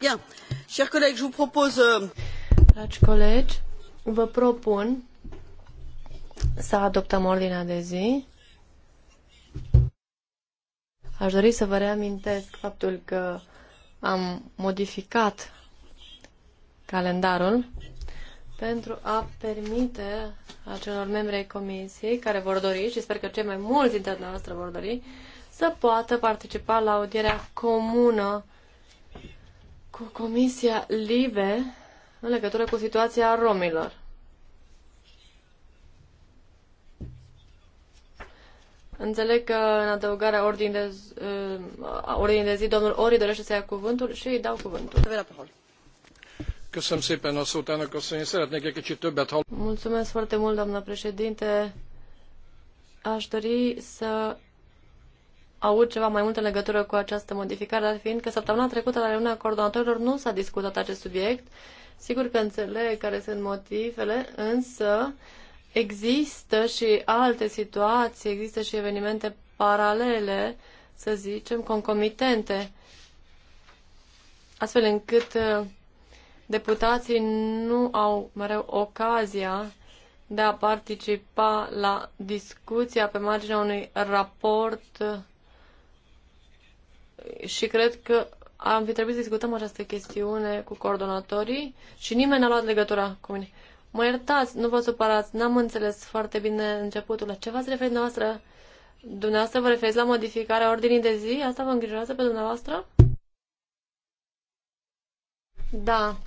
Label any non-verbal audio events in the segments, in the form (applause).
Euh, Dragi colegi, vă propun să adoptăm ordinea de zi. Aș dori să vă reamintesc faptul că am modificat calendarul pentru a permite acelor membri ai comisiei care vor dori, și sper că cei mai mulți dintre noastre vor dori, să poată participa la audierea comună cu Comisia Libe în legătură cu situația romilor. Înțeleg că în adăugarea ordinii de, uh, ordin de zi, domnul Ori dorește să ia cuvântul și îi dau cuvântul. Mulțumesc foarte mult, doamnă președinte. Aș dori să avut ceva mai mult în legătură cu această modificare, dar fiind că săptămâna trecută la reuniunea coordonatorilor nu s-a discutat acest subiect, sigur că înțeleg care sunt motivele, însă există și alte situații, există și evenimente paralele, să zicem, concomitente, astfel încât uh, deputații nu au mereu ocazia de a participa la discuția pe marginea unui raport și cred că am fi trebuit să discutăm această chestiune cu coordonatorii și nimeni n-a luat legătura cu mine. Mă iertați, nu vă supărați, n-am înțeles foarte bine începutul. La ce v-ați referit dumneavoastră? Dumneavoastră vă referiți la modificarea ordinii de zi? Asta vă îngrijorează pe dumneavoastră? Da,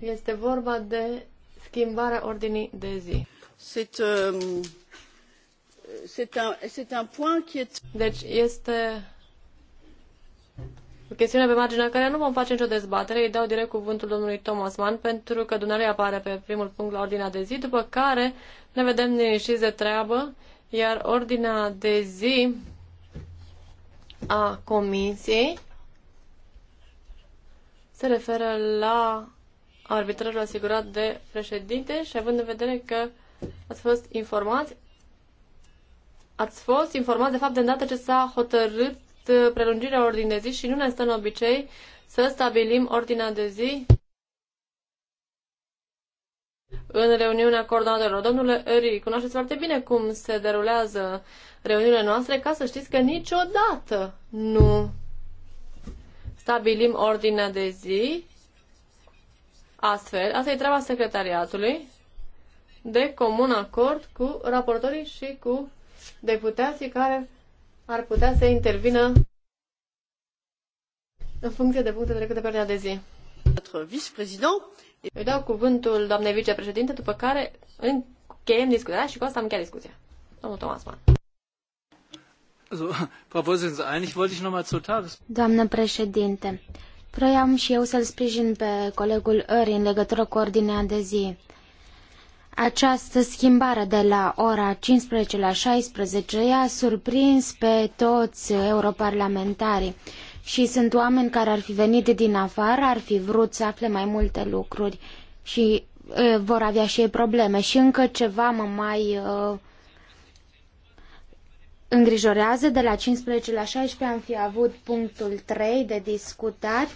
este vorba de schimbarea ordinii de zi. C'est, euh, c'est un, c'est un point qui est... Deci este o chestiune pe marginea care nu vom face nicio dezbatere. Îi dau direct cuvântul domnului Thomas Mann pentru că dumnealui apare pe primul punct la ordinea de zi, după care ne vedem liniștiți de treabă, iar ordinea de zi a comisiei se referă la arbitrajul asigurat de președinte și având în vedere că ați fost informați, ați fost informați de fapt de îndată ce s-a hotărât Uh, prelungirea ordinii de zi și nu ne stă în obicei să stabilim ordinea de zi în reuniunea coordonatorilor. Domnule Eri, cunoașteți foarte bine cum se derulează reuniunile noastre, ca să știți că niciodată nu stabilim ordinea de zi astfel. Asta e treaba secretariatului de comun acord cu raportorii și cu deputații care ar putea să intervină în funcție de puncte trecute pe ordinea de zi. Îi dau cuvântul doamnei vicepreședinte, după care încheiem discuția și cu asta am încheiat discuția. Domnul Thomasman. (laughs) Doamnă președinte, vreau și eu să-l sprijin pe colegul Ări în legătură cu ordinea de zi. Această schimbare de la ora 15 la 16 i-a surprins pe toți europarlamentarii și sunt oameni care ar fi venit din afară, ar fi vrut să afle mai multe lucruri și vor avea și ei probleme. Și încă ceva mă mai uh, îngrijorează, de la 15 la 16 am fi avut punctul 3 de discutat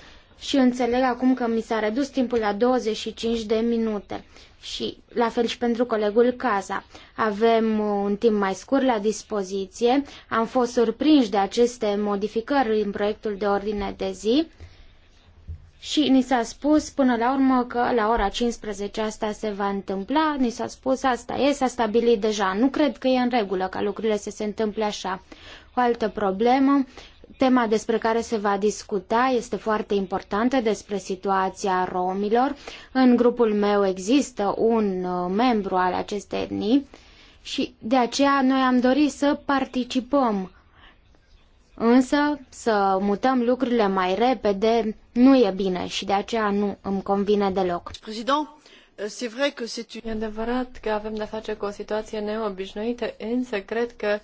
și înțeleg acum că mi s-a redus timpul la 25 de minute. Și la fel și pentru colegul Casa. Avem un timp mai scurt la dispoziție. Am fost surprinși de aceste modificări în proiectul de ordine de zi. Și ni s-a spus până la urmă că la ora 15 asta se va întâmpla, ni s-a spus asta e, s-a stabilit deja. Nu cred că e în regulă ca lucrurile să se întâmple așa. O altă problemă, Tema despre care se va discuta este foarte importantă despre situația romilor. În grupul meu există un uh, membru al acestei etnii și de aceea noi am dorit să participăm. Însă să mutăm lucrurile mai repede nu e bine și de aceea nu îmi convine deloc. President, uh, E adevărat că avem de-a face cu o situație neobișnuită, însă cred că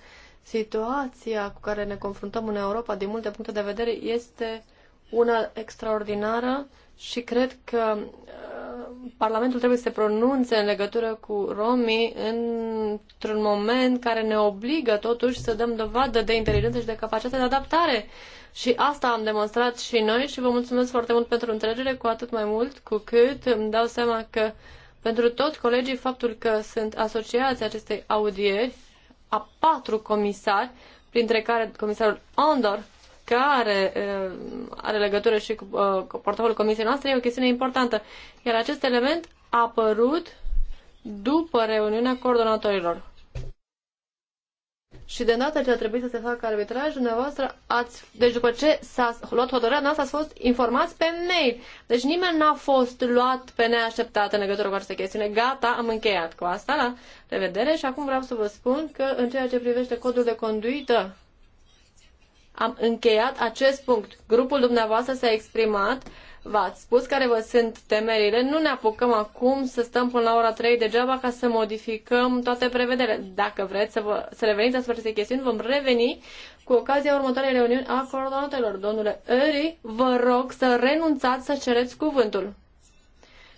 Situația cu care ne confruntăm în Europa, din multe puncte de vedere, este una extraordinară și cred că uh, Parlamentul trebuie să se pronunțe în legătură cu romii într-un moment care ne obligă totuși să dăm dovadă de inteligență și de capacitate de adaptare. Și asta am demonstrat și noi și vă mulțumesc foarte mult pentru întregere, cu atât mai mult cu cât îmi dau seama că pentru toți colegii faptul că sunt asociați acestei audieri a patru comisari, printre care comisarul Andor, care uh, are legătură și cu, uh, cu portofoliul comisiei noastre, e o chestiune importantă. Iar acest element a apărut după reuniunea coordonatorilor și de data ce a trebuit să se facă arbitraj, dumneavoastră ați, deci după ce s-a luat hotărârea noastră, ați fost informați pe mail. Deci nimeni n-a fost luat pe neașteptat în legătură cu această chestiune. Gata, am încheiat cu asta, la revedere și acum vreau să vă spun că în ceea ce privește codul de conduită, am încheiat acest punct. Grupul dumneavoastră s-a exprimat V-ați spus care vă sunt temerile. Nu ne apucăm acum să stăm până la ora 3 degeaba ca să modificăm toate prevederile. Dacă vreți să, vă, să reveniți asupra acestei chestiuni, vom reveni cu ocazia următoarei reuniuni a coordonatelor. Domnule Eri, vă rog să renunțați să cereți cuvântul.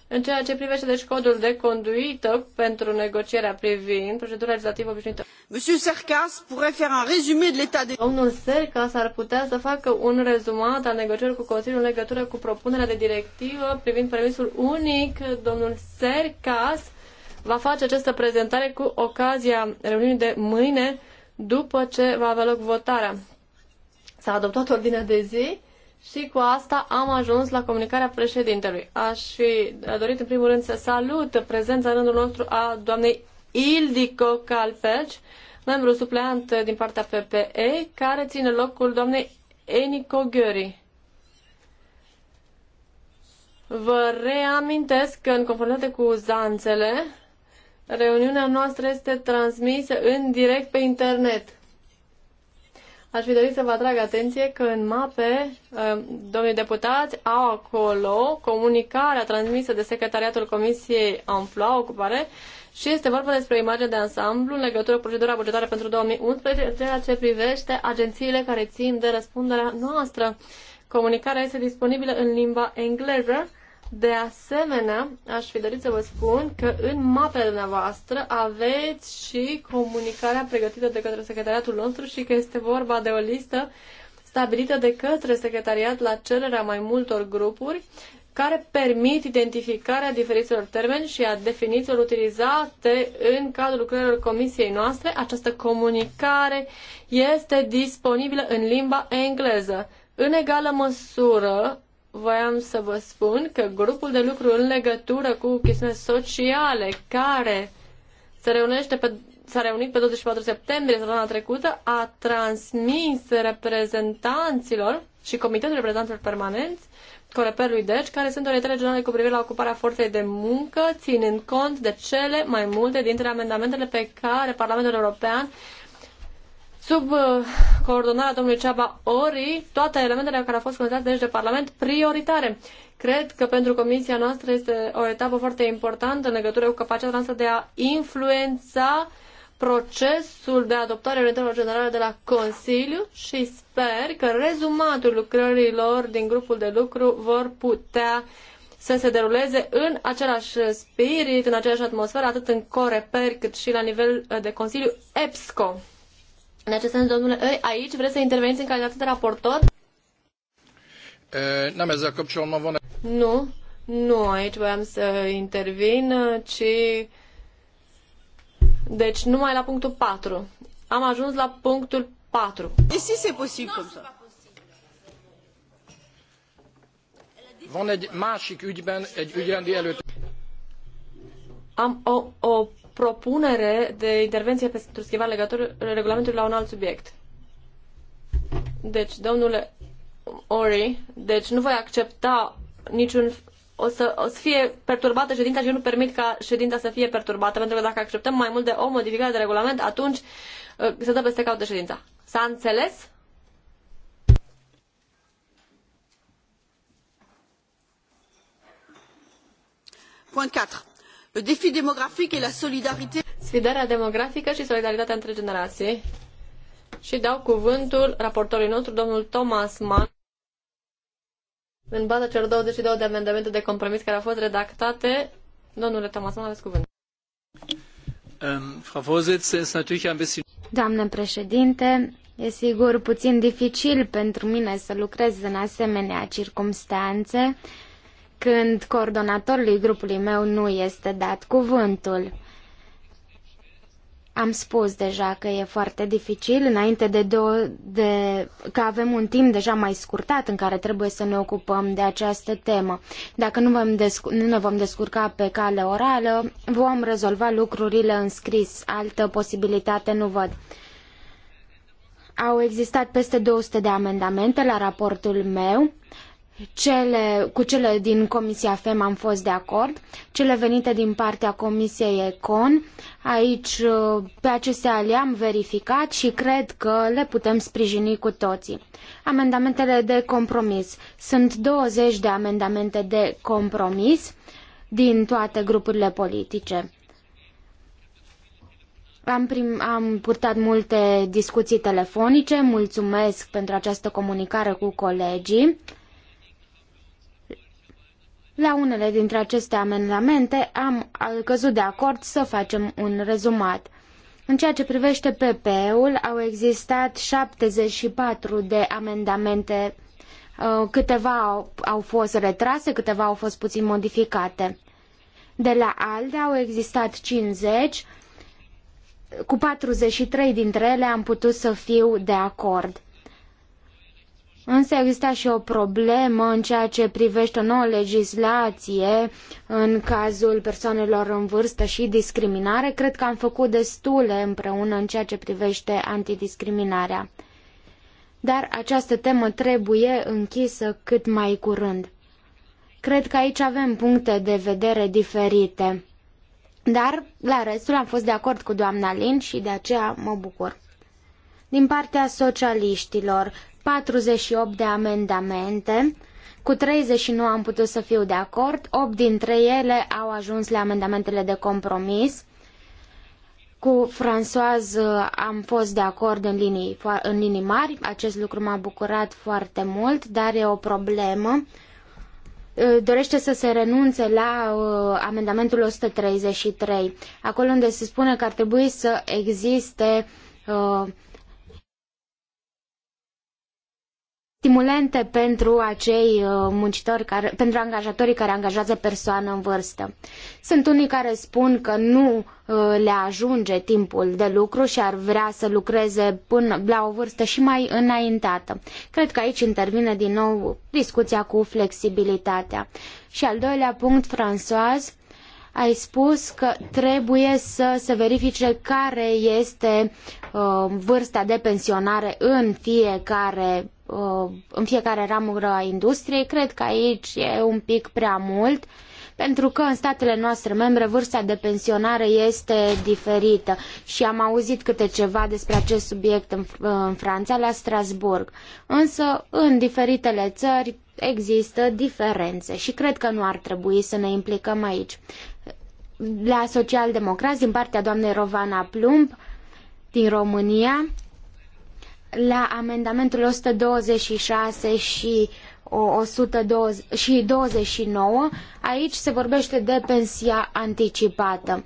În ceea ce privește deci codul de conduită pentru negocierea privind procedura legislativă obișnuită. Monsieur Sercas pourrait faire un résumé de l'état de... Domnul Sercas ar putea să facă un rezumat al negocierilor cu Consiliul în legătură cu propunerea de directivă privind permisul unic. Domnul Sercas va face această prezentare cu ocazia reuniunii de mâine după ce va avea loc votarea. S-a adoptat ordinea de zi și cu asta am ajuns la comunicarea președintelui. Aș fi dorit în primul rând să salut prezența în rândul nostru a doamnei Ildico Calpeci, membru supleant din partea PPE, care ține locul doamnei Eniko Gheri. Vă reamintesc că, în conformitate cu uzanțele, reuniunea noastră este transmisă în direct pe internet. Aș fi dorit să vă atrag atenție că în mape, um, domnii deputați, au acolo comunicarea transmisă de Secretariatul Comisiei Amploa, Ocupare, și este vorba despre imagine de ansamblu în legătură cu procedura bugetară pentru 2011, ceea ce privește agențiile care țin de răspunderea noastră. Comunicarea este disponibilă în limba engleză de asemenea, aș fi dorit să vă spun că în mapele dumneavoastră aveți și comunicarea pregătită de către secretariatul nostru și că este vorba de o listă stabilită de către secretariat la cererea mai multor grupuri care permit identificarea diferiților termeni și a definițiilor utilizate în cadrul lucrărilor comisiei noastre. Această comunicare este disponibilă în limba engleză. În egală măsură, voiam să vă spun că grupul de lucru în legătură cu chestiuni sociale care se reunește pe s-a reunit pe 24 septembrie săptămâna trecută, a transmis reprezentanților și Comitetul Reprezentanților Permanenți, Coreperului Deci, care sunt orientele generale cu privire la ocuparea forței de muncă, ținând cont de cele mai multe dintre amendamentele pe care Parlamentul European sub uh, coordonarea domnului Ceaba Ori, toate elementele care au fost considerate deci de Parlament prioritare. Cred că pentru comisia noastră este o etapă foarte importantă în legătură cu capacitatea noastră de a influența procesul de adoptare a orientărilor generale de la Consiliu și sper că rezumatul lucrărilor din grupul de lucru vor putea să se deruleze în același spirit, în aceeași atmosferă, atât în Coreper cât și la nivel uh, de Consiliu EPSCO. În acest sens, domnule, ă, aici vreți să interveniți în calitate de raportor? N-am ezzel kapcsolatban Nu, nu, aici voiam să intervin, ci... Deci numai la punctul 4. Am ajuns la punctul 4. Et si se posibil cum Van egy másik ügyben egy ügyrendi előtt. Am o, o propunere de intervenție pentru schimbarea regulamentului la un alt subiect. Deci, domnule Ori, deci nu voi accepta niciun... O să, o să fie perturbată ședința și eu nu permit ca ședința să fie perturbată, pentru că dacă acceptăm mai mult de o modificare de regulament, atunci uh, se dă peste caută de ședința. S-a înțeles? Point 4 le défi démographique et la solidarité. Sfidarea demografică și solidaritatea între generații. Și dau cuvântul raportorului nostru, domnul Thomas Mann, în baza celor 22 de amendamente de compromis care au fost redactate. Domnule Thomas Mann, aveți cuvânt. Um, ähm, președinte, E sigur puțin dificil pentru mine să lucrez în asemenea circumstanțe, când coordonatorului grupului meu nu este dat cuvântul. Am spus deja că e foarte dificil înainte de, două, de că avem un timp deja mai scurtat în care trebuie să ne ocupăm de această temă. Dacă nu, vom descur- nu ne vom descurca pe cale orală, vom rezolva lucrurile în scris. Altă posibilitate nu văd. Au existat peste 200 de amendamente la raportul meu cele, cu cele din Comisia FEM am fost de acord, cele venite din partea Comisiei ECON. Aici, uh, pe acestea le-am verificat și cred că le putem sprijini cu toții. Amendamentele de compromis. Sunt 20 de amendamente de compromis din toate grupurile politice. Am, prim, am purtat multe discuții telefonice, mulțumesc pentru această comunicare cu colegii. La unele dintre aceste amendamente am căzut de acord să facem un rezumat. În ceea ce privește PP-ul, au existat 74 de amendamente, uh, câteva au fost retrase, câteva au fost puțin modificate. De la ALDE au existat 50, cu 43 dintre ele am putut să fiu de acord. Însă exista și o problemă în ceea ce privește o nouă legislație în cazul persoanelor în vârstă și discriminare. Cred că am făcut destule împreună în ceea ce privește antidiscriminarea. Dar această temă trebuie închisă cât mai curând. Cred că aici avem puncte de vedere diferite. Dar la restul am fost de acord cu doamna Lin și de aceea mă bucur din partea socialiștilor. 48 de amendamente. Cu 39 am putut să fiu de acord, 8 dintre ele au ajuns la amendamentele de compromis. Cu Françoise uh, am fost de acord în linii, în linii mari, acest lucru m-a bucurat foarte mult, dar e o problemă. Uh, dorește să se renunțe la uh, amendamentul 133, acolo unde se spune că ar trebui să existe stimulente pentru acei uh, muncitori, care, pentru angajatorii care angajează persoană în vârstă. Sunt unii care spun că nu uh, le ajunge timpul de lucru și ar vrea să lucreze până la o vârstă și mai înaintată. Cred că aici intervine din nou discuția cu flexibilitatea. Și al doilea punct, Françoise, ai spus că trebuie să se verifice care este uh, vârsta de pensionare în fiecare, uh, în fiecare ramură a industriei. Cred că aici e un pic prea mult pentru că în statele noastre membre vârsta de pensionare este diferită și am auzit câte ceva despre acest subiect în, în Franța, la Strasbourg. Însă, în diferitele țări există diferențe și cred că nu ar trebui să ne implicăm aici la Democrați din partea doamnei Rovana Plumb din România, la amendamentul 126 și 120 și 29, aici se vorbește de pensia anticipată.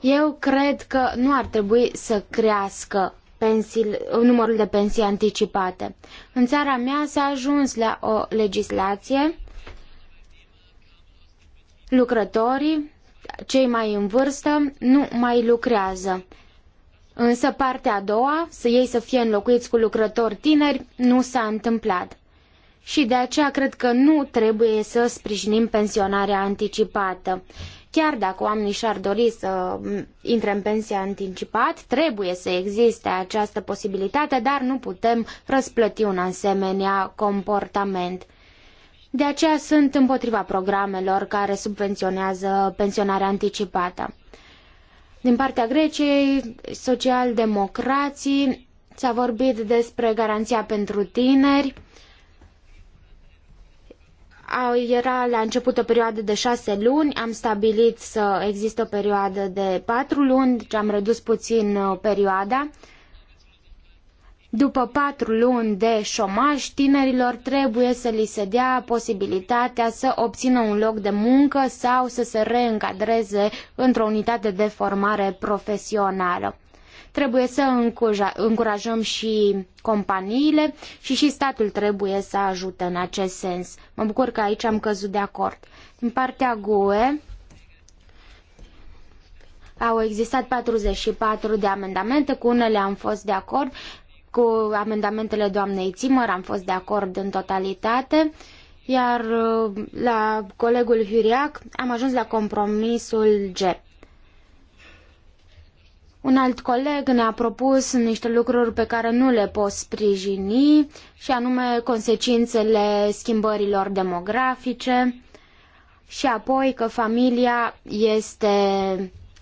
Eu cred că nu ar trebui să crească pensii, numărul de pensii anticipate. În țara mea s-a ajuns la o legislație. Lucrătorii cei mai în vârstă nu mai lucrează. Însă partea a doua, să ei să fie înlocuiți cu lucrători tineri, nu s-a întâmplat. Și de aceea cred că nu trebuie să sprijinim pensionarea anticipată. Chiar dacă oamenii și-ar dori să mm, intre în pensie anticipat, trebuie să existe această posibilitate, dar nu putem răsplăti un asemenea comportament. De aceea sunt împotriva programelor care subvenționează pensionarea anticipată. Din partea Greciei, socialdemocrații s-a vorbit despre garanția pentru tineri. Era la început o perioadă de șase luni, am stabilit să existe o perioadă de patru luni, deci am redus puțin uh, perioada. Uh, după patru luni de șomaj, tinerilor trebuie să li se dea posibilitatea să obțină un loc de muncă sau să se reîncadreze într-o unitate de formare profesională. Trebuie să încurajăm și companiile și și statul trebuie să ajute în acest sens. Mă bucur că aici am căzut de acord. Din partea GUE, au existat 44 de amendamente, cu unele am fost de acord, cu amendamentele doamnei Zimmer am fost de acord în totalitate, iar uh, la colegul Hiriac am ajuns la compromisul G. Un alt coleg ne-a propus niște lucruri pe care nu le pot sprijini, și anume consecințele schimbărilor demografice și apoi că familia este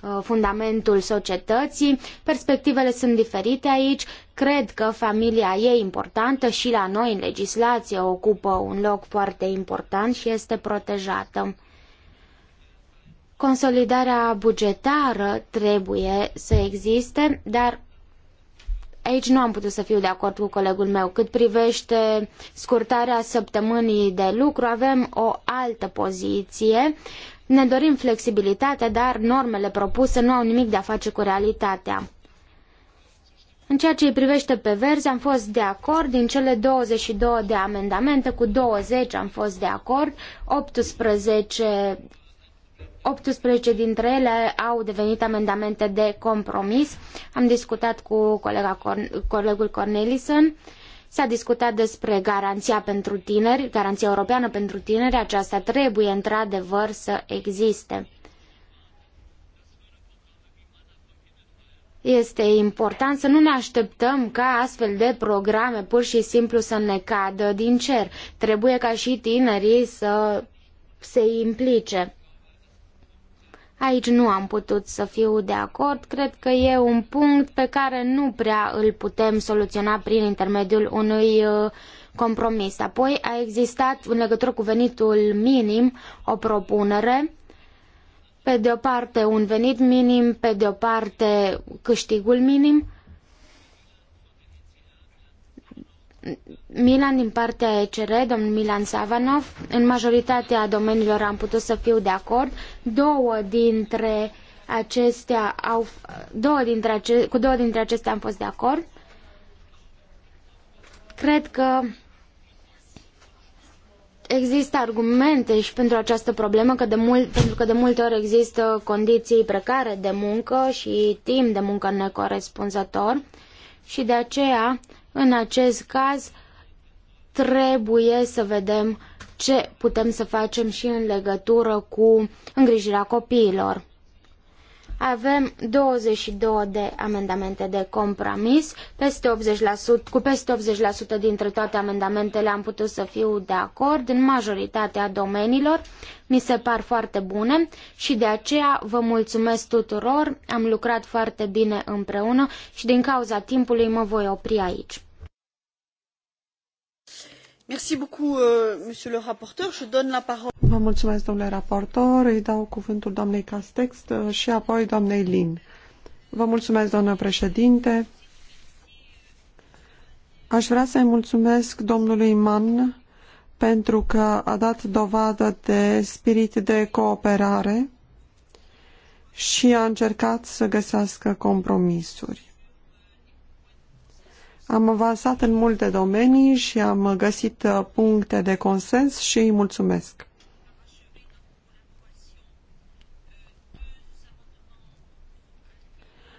uh, fundamentul societății. Perspectivele sunt diferite aici. Cred că familia e importantă și la noi în legislație ocupă un loc foarte important și este protejată. Consolidarea bugetară trebuie să existe, dar aici nu am putut să fiu de acord cu colegul meu. Cât privește scurtarea săptămânii de lucru, avem o altă poziție. Ne dorim flexibilitate, dar normele propuse nu au nimic de a face cu realitatea. În ceea ce îi privește pe verzi, am fost de acord. Din cele 22 de amendamente, cu 20 am fost de acord, 18 18 dintre ele au devenit amendamente de compromis. Am discutat cu colega, colegul Cornelison. S-a discutat despre garanția pentru tineri, garanția europeană pentru tineri. Aceasta trebuie într-adevăr să existe. Este important să nu ne așteptăm ca astfel de programe pur și simplu să ne cadă din cer. Trebuie ca și tinerii să se implice. Aici nu am putut să fiu de acord. Cred că e un punct pe care nu prea îl putem soluționa prin intermediul unui uh, compromis. Apoi a existat, în legătură cu venitul minim, o propunere pe de o parte un venit minim, pe de o parte câștigul minim. Milan din partea ECR, domnul Milan Savanov, în majoritatea domeniilor am putut să fiu de acord. Două dintre acestea au, două dintre ace, cu două dintre acestea am fost de acord. Cred că există argumente și pentru această problemă, că de mult, pentru că de multe ori există condiții precare de muncă și timp de muncă necorespunzător și de aceea, în acest caz, trebuie să vedem ce putem să facem și în legătură cu îngrijirea copiilor. Avem 22 de amendamente de compromis, peste 80%, cu peste 80% dintre toate amendamentele am putut să fiu de acord în majoritatea domeniilor. Mi se par foarte bune și de aceea vă mulțumesc tuturor, am lucrat foarte bine împreună și din cauza timpului mă voi opri aici. Vă mulțumesc, domnule raportor. Îi dau cuvântul doamnei Castex uh, și apoi doamnei Lin. Vă mulțumesc, doamnă președinte. Aș vrea să-i mulțumesc domnului Mann pentru că a dat dovadă de spirit de cooperare și a încercat să găsească compromisuri. Am avansat în multe domenii și am găsit uh, puncte de consens și îi mulțumesc.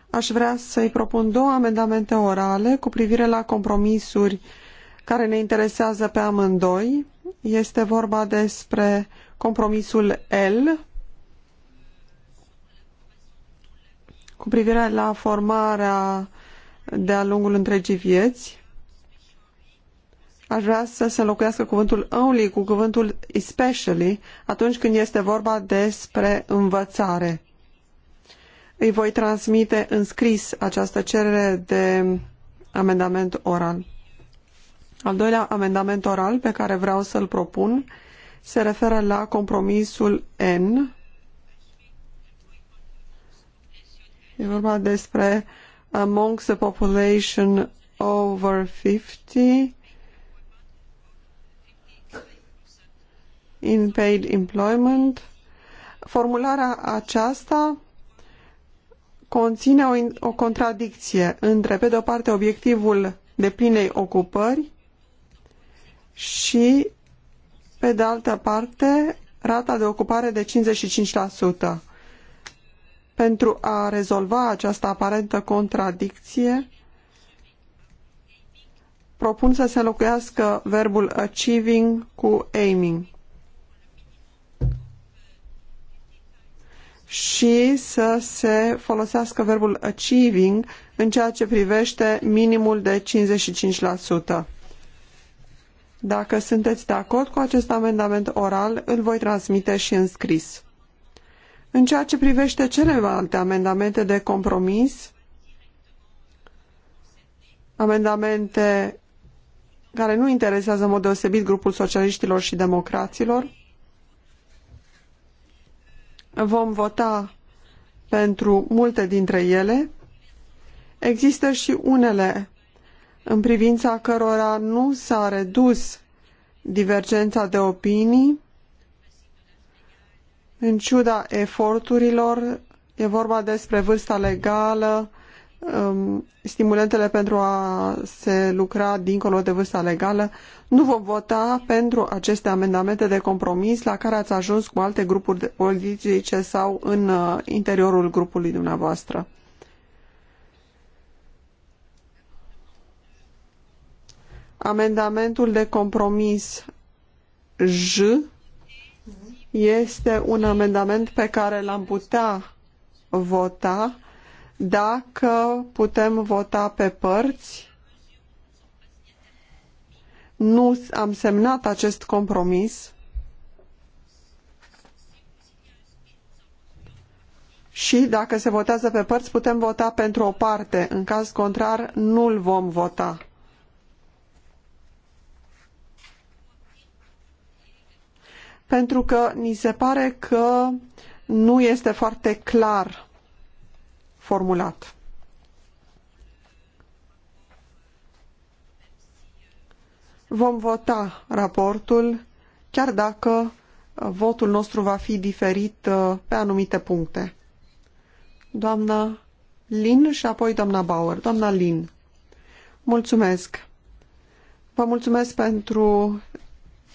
Aș vrea să-i propun două amendamente orale cu privire la compromisuri care ne interesează pe amândoi. Este vorba despre compromisul L cu privire la formarea de-a lungul întregii vieți. Aș vrea să se înlocuiască cuvântul only cu cuvântul especially atunci când este vorba despre învățare. Îi voi transmite în scris această cerere de amendament oral. Al doilea amendament oral pe care vreau să-l propun se referă la compromisul N. E vorba despre amongst the population over 50 in paid employment. Formularea aceasta conține o, o contradicție între, pe de o parte, obiectivul deplinei ocupări și, pe de altă parte, rata de ocupare de 55% pentru a rezolva această aparentă contradicție, propun să se înlocuiască verbul achieving cu aiming și să se folosească verbul achieving în ceea ce privește minimul de 55%. Dacă sunteți de acord cu acest amendament oral, îl voi transmite și în scris. În ceea ce privește celelalte amendamente de compromis, amendamente care nu interesează în mod deosebit grupul socialiștilor și democraților, vom vota pentru multe dintre ele. Există și unele în privința cărora nu s-a redus divergența de opinii în ciuda eforturilor, e vorba despre vârsta legală, um, stimulentele pentru a se lucra dincolo de vârsta legală, nu vom vota pentru aceste amendamente de compromis la care ați ajuns cu alte grupuri politice sau în uh, interiorul grupului dumneavoastră. Amendamentul de compromis J este un amendament pe care l-am putea vota dacă putem vota pe părți. Nu am semnat acest compromis și dacă se votează pe părți putem vota pentru o parte. În caz contrar nu-l vom vota. pentru că ni se pare că nu este foarte clar formulat. Vom vota raportul, chiar dacă votul nostru va fi diferit uh, pe anumite puncte. Doamna Lin și apoi doamna Bauer. Doamna Lin, mulțumesc. Vă mulțumesc pentru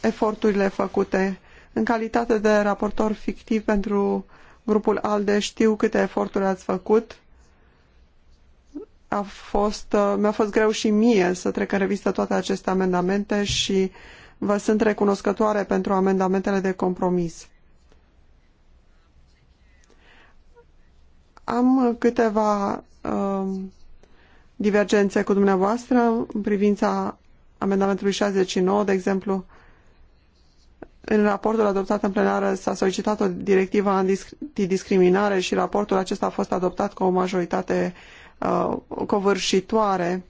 eforturile făcute în calitate de raportor fictiv pentru grupul ALDE știu câte eforturi ați făcut. A fost, uh, mi-a fost greu și mie să trec în revistă toate aceste amendamente și vă sunt recunoscătoare pentru amendamentele de compromis. Am câteva uh, divergențe cu dumneavoastră în privința amendamentului 69, de exemplu, uh, în raportul adoptat în plenară s-a solicitat o directivă antidiscriminare și raportul acesta a fost adoptat cu o majoritate uh, covârșitoare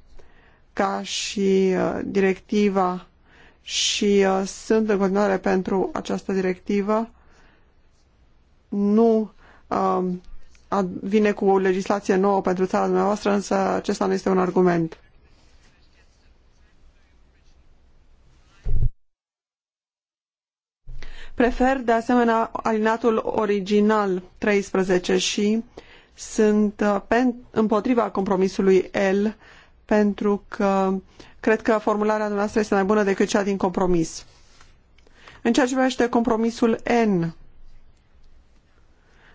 ca și uh, directiva și uh, sunt în continuare pentru această directivă. Nu uh, vine cu o legislație nouă pentru țara dumneavoastră, însă acesta nu este un argument. Prefer de asemenea alinatul original 13 și sunt uh, împotriva compromisului L pentru că cred că formularea noastră este mai bună decât cea din compromis. În ceea ce privește compromisul N,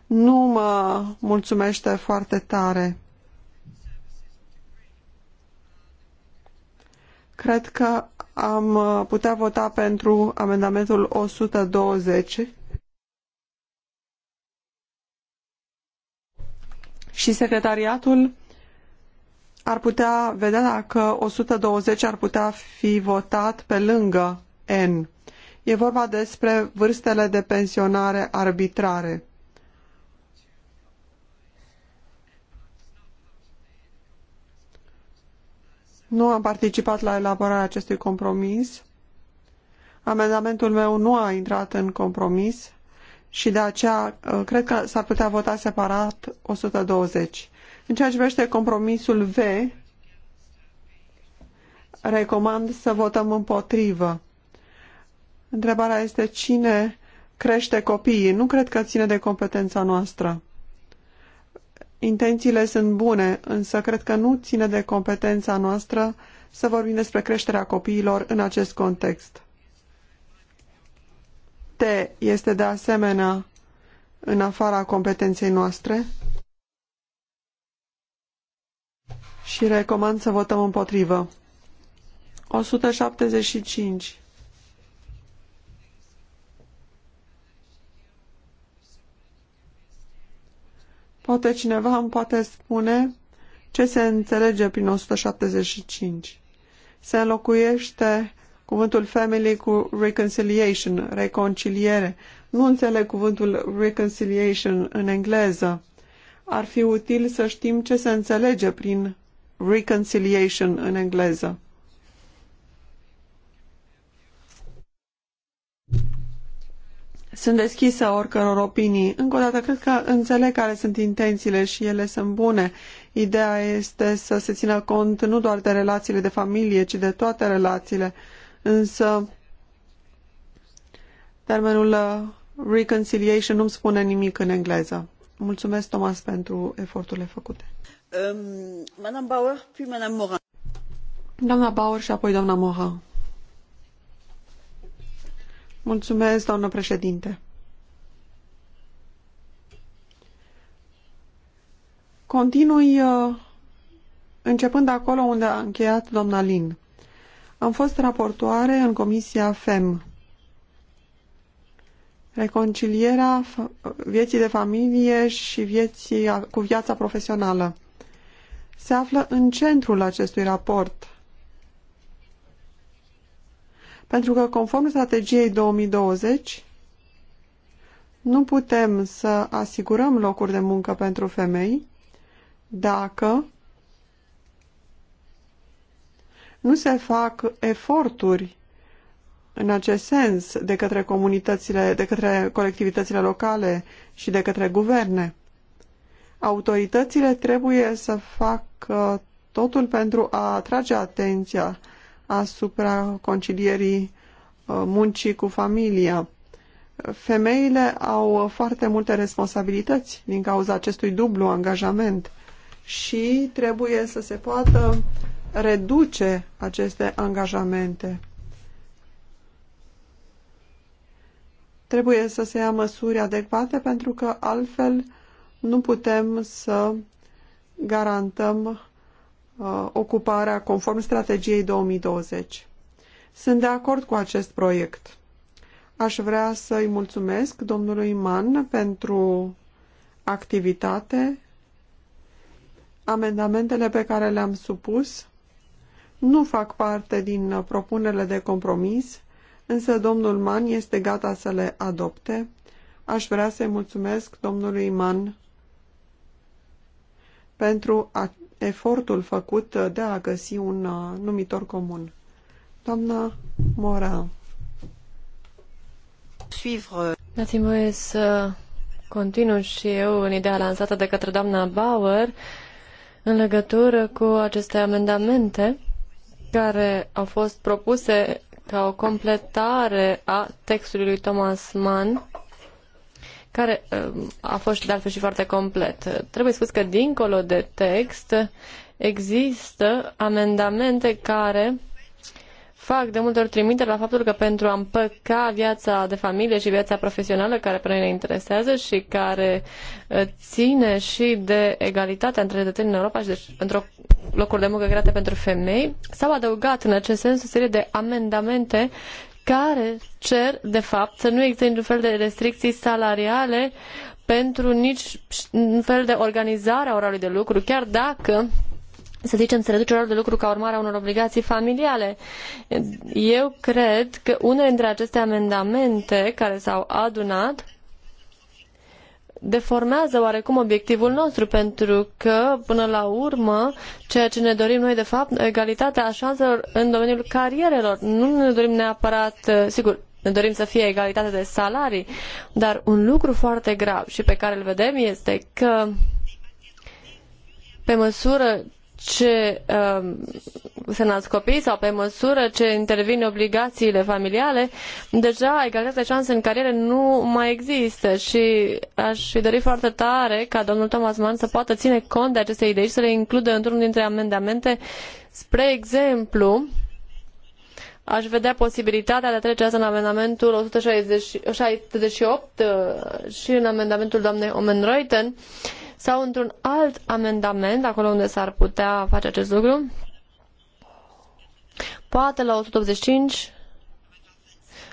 nu mă mulțumește foarte tare. Cred că am uh, putea vota pentru amendamentul 120 și secretariatul ar putea vedea dacă 120 ar putea fi votat pe lângă N. E vorba despre vârstele de pensionare arbitrare. Nu am participat la elaborarea acestui compromis. Amendamentul meu nu a intrat în compromis și de aceea uh, cred că s-ar putea vota separat 120. În ceea ce privește compromisul V, recomand să votăm împotrivă. Întrebarea este cine crește copiii. Nu cred că ține de competența noastră. Intențiile sunt bune, însă cred că nu ține de competența noastră să vorbim despre creșterea copiilor în acest context. T este de asemenea în afara competenței noastre și recomand să votăm împotrivă. 175. Poate cineva îmi poate spune ce se înțelege prin 175. Se înlocuiește cuvântul family cu reconciliation, reconciliere. Nu înțeleg cuvântul reconciliation în engleză. Ar fi util să știm ce se înțelege prin reconciliation în engleză. Sunt deschisă oricăror opinii. Încă o dată, cred că înțeleg care sunt intențiile și ele sunt bune. Ideea este să se țină cont nu doar de relațiile de familie, ci de toate relațiile. Însă, termenul uh, reconciliation nu-mi spune nimic în engleză. Mulțumesc, Thomas, pentru eforturile făcute. Um, Madame Bauer, puis Madame Morin. Doamna Bauer și apoi doamna Morin. Mulțumesc, doamnă președinte. Continui uh, începând de acolo unde a încheiat doamna Lin. Am fost raportoare în Comisia FEM. Reconcilierea vieții de familie și vieții cu viața profesională se află în centrul acestui raport. Pentru că, conform strategiei 2020, nu putem să asigurăm locuri de muncă pentru femei dacă nu se fac eforturi în acest sens de către comunitățile, de către colectivitățile locale și de către guverne. Autoritățile trebuie să facă totul pentru a atrage atenția asupra concilierii uh, muncii cu familia. Femeile au uh, foarte multe responsabilități din cauza acestui dublu angajament și trebuie să se poată reduce aceste angajamente. Trebuie să se ia măsuri adecvate pentru că altfel nu putem să garantăm Uh, ocuparea conform strategiei 2020. Sunt de acord cu acest proiect. Aș vrea să-i mulțumesc domnului Mann pentru activitate. Amendamentele pe care le-am supus nu fac parte din propunerile de compromis, însă domnul Mann este gata să le adopte. Aș vrea să-i mulțumesc domnului Mann pentru a efortul făcut de a găsi un uh, numitor comun. Doamna Mora. Dați-mi voie să continu și eu în ideea lansată de către doamna Bauer în legătură cu aceste amendamente care au fost propuse ca o completare a textului lui Thomas Mann care eh, a fost de altfel și foarte complet. Trebuie spus că dincolo de text există amendamente care fac de multe ori trimitere la faptul că pentru a împăca viața de familie și viața profesională care pe noi ne interesează și care eh, ține și de egalitatea între cetățenii în Europa și deci pentru locuri de muncă create pentru femei, s-au adăugat în acest sens o serie de amendamente care cer, de fapt, să nu existe niciun fel de restricții salariale pentru nici un fel de organizare a orarului de lucru, chiar dacă să zicem, se reduce orarul de lucru ca urmare a unor obligații familiale. Eu cred că unele dintre aceste amendamente care s-au adunat deformează oarecum obiectivul nostru, pentru că, până la urmă, ceea ce ne dorim noi, de fapt, egalitatea șanselor în domeniul carierelor. Nu ne dorim neapărat, eh, sigur, ne dorim să fie egalitate de salarii, dar un lucru foarte grav și pe care îl vedem este că pe măsură ce uh, se nasc copii sau pe măsură ce intervin obligațiile familiale, deja egalitatea de șanse în carieră nu mai există și aș fi dori foarte tare ca domnul Thomas Mann să poată ține cont de aceste idei și să le includă într-unul dintre amendamente. Spre exemplu, aș vedea posibilitatea de a trece asta în amendamentul 168 uh, și în amendamentul doamnei Omenreuten, uh, sau într-un alt amendament, acolo unde s-ar putea face acest lucru, poate la 185,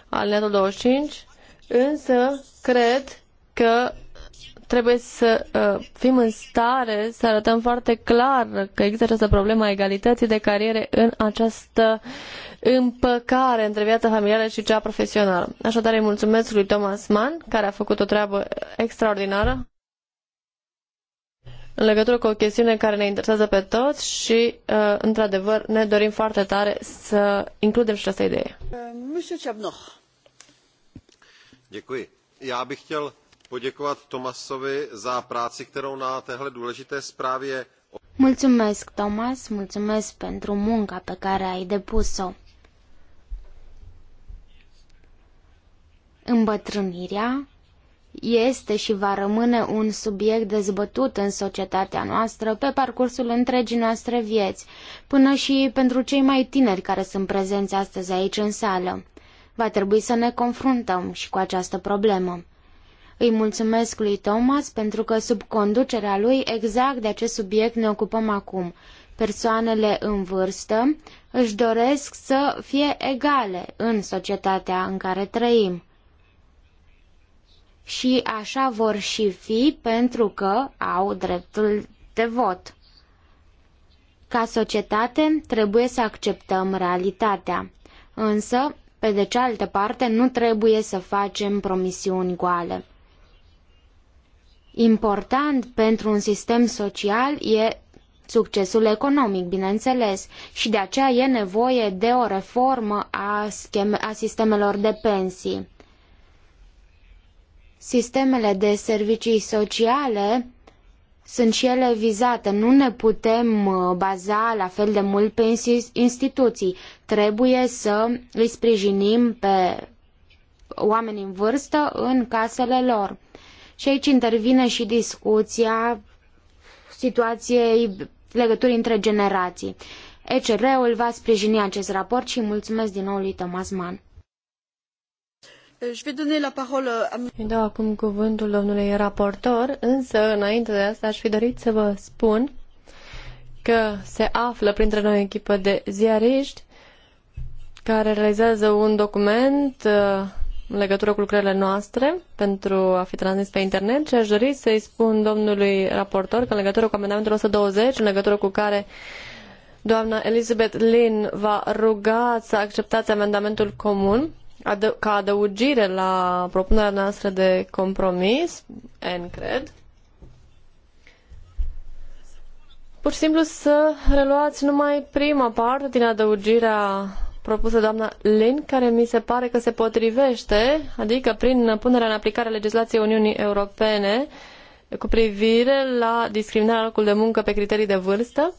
alineatul 25, însă cred că trebuie să uh, fim în stare să arătăm foarte clar că există această problemă a egalității de cariere în această împăcare între viața familială și cea profesională. Așadar îi mulțumesc lui Thomas Mann, care a făcut o treabă extraordinară în legătură cu o chestiune care ne interesează pe toți și, uh, într-adevăr, ne dorim foarte tare să includem și această idee. Děkuji. Já bych chtěl poděkovat Tomasovi za práci, kterou na téhle důležité zprávě Mulțumesc, Thomas, mulțumesc pentru munca pe care ai depus-o. Îmbătrânirea este și va rămâne un subiect dezbătut în societatea noastră pe parcursul întregii noastre vieți, până și pentru cei mai tineri care sunt prezenți astăzi aici în sală. Va trebui să ne confruntăm și cu această problemă. Îi mulțumesc lui Thomas pentru că sub conducerea lui exact de acest subiect ne ocupăm acum. Persoanele în vârstă își doresc să fie egale în societatea în care trăim și așa vor și fi pentru că au dreptul de vot. Ca societate trebuie să acceptăm realitatea, însă, pe de cealaltă parte, nu trebuie să facem promisiuni goale. Important pentru un sistem social e succesul economic, bineînțeles, și de aceea e nevoie de o reformă a, scheme, a sistemelor de pensii. Sistemele de servicii sociale sunt și ele vizate. Nu ne putem uh, baza la fel de mult pe instituții. Trebuie să îi sprijinim pe oamenii în vârstă în casele lor. Și aici intervine și discuția situației legăturii între generații. ECR-ul va sprijini acest raport și mulțumesc din nou lui Thomas Mann. Euh, Îi dau acum cuvântul domnului raportor, însă înainte de asta aș fi dorit să vă spun că se află printre noi o echipă de ziariști care realizează un document uh, în legătură cu lucrările noastre pentru a fi transmis pe internet și aș dori să-i spun domnului raportor că în legătură cu amendamentul 120, în legătură cu care doamna Elizabeth Lin va ruga să acceptați amendamentul comun, ca adăugire la propunerea noastră de compromis, N cred, pur și simplu să reluați numai prima parte din adăugirea propusă doamna Lin, care mi se pare că se potrivește, adică prin punerea în aplicare a legislației Uniunii Europene cu privire la discriminarea locul de muncă pe criterii de vârstă,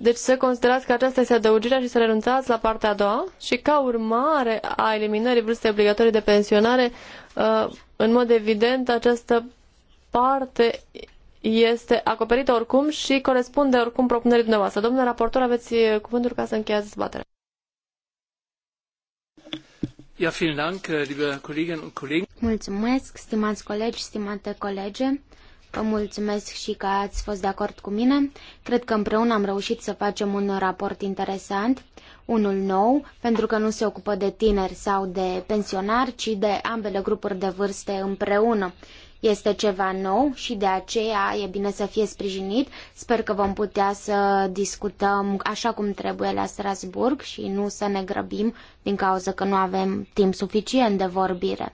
deci să considerați că aceasta este adăugirea și să renunțați la partea a doua și ca urmare a eliminării vârstei obligatorii de pensionare, uh, în mod evident această parte este acoperită oricum și corespunde oricum propunerii dumneavoastră. Domnule raportor, aveți uh, cuvântul ca să încheiați dezbaterea. Ja, vielen Dank, liebe Kolleginnen und Kollegen. Mulțumesc, stimați colegi, stimate colege. Vă mulțumesc și că ați fost de acord cu mine. Cred că împreună am reușit să facem un raport interesant, unul nou, pentru că nu se ocupă de tineri sau de pensionari, ci de ambele grupuri de vârste împreună. Este ceva nou și de aceea e bine să fie sprijinit. Sper că vom putea să discutăm așa cum trebuie la Strasburg și nu să ne grăbim din cauza că nu avem timp suficient de vorbire.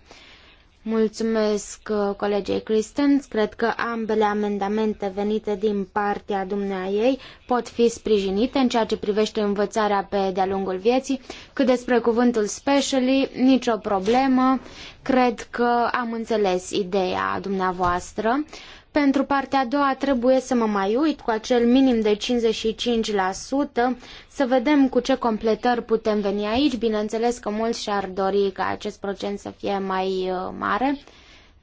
Mulțumesc uh, colegei Christens. Cred că ambele amendamente venite din partea ei pot fi sprijinite în ceea ce privește învățarea pe de-a lungul vieții. Cât despre cuvântul specially, nicio problemă. Cred că am înțeles ideea dumneavoastră. Uh, pentru partea a doua trebuie să mă mai uit cu acel minim de 55%, să vedem cu ce completări putem veni aici. Bineînțeles că mulți și-ar dori ca acest procent să fie mai uh, mare,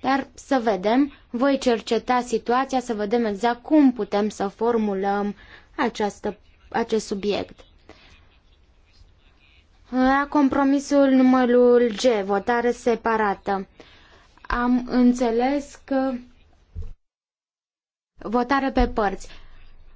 dar să vedem, voi cerceta situația, să vedem exact cum putem să formulăm această, acest subiect. La compromisul numărul G, votare separată. Am înțeles că Votare pe părți.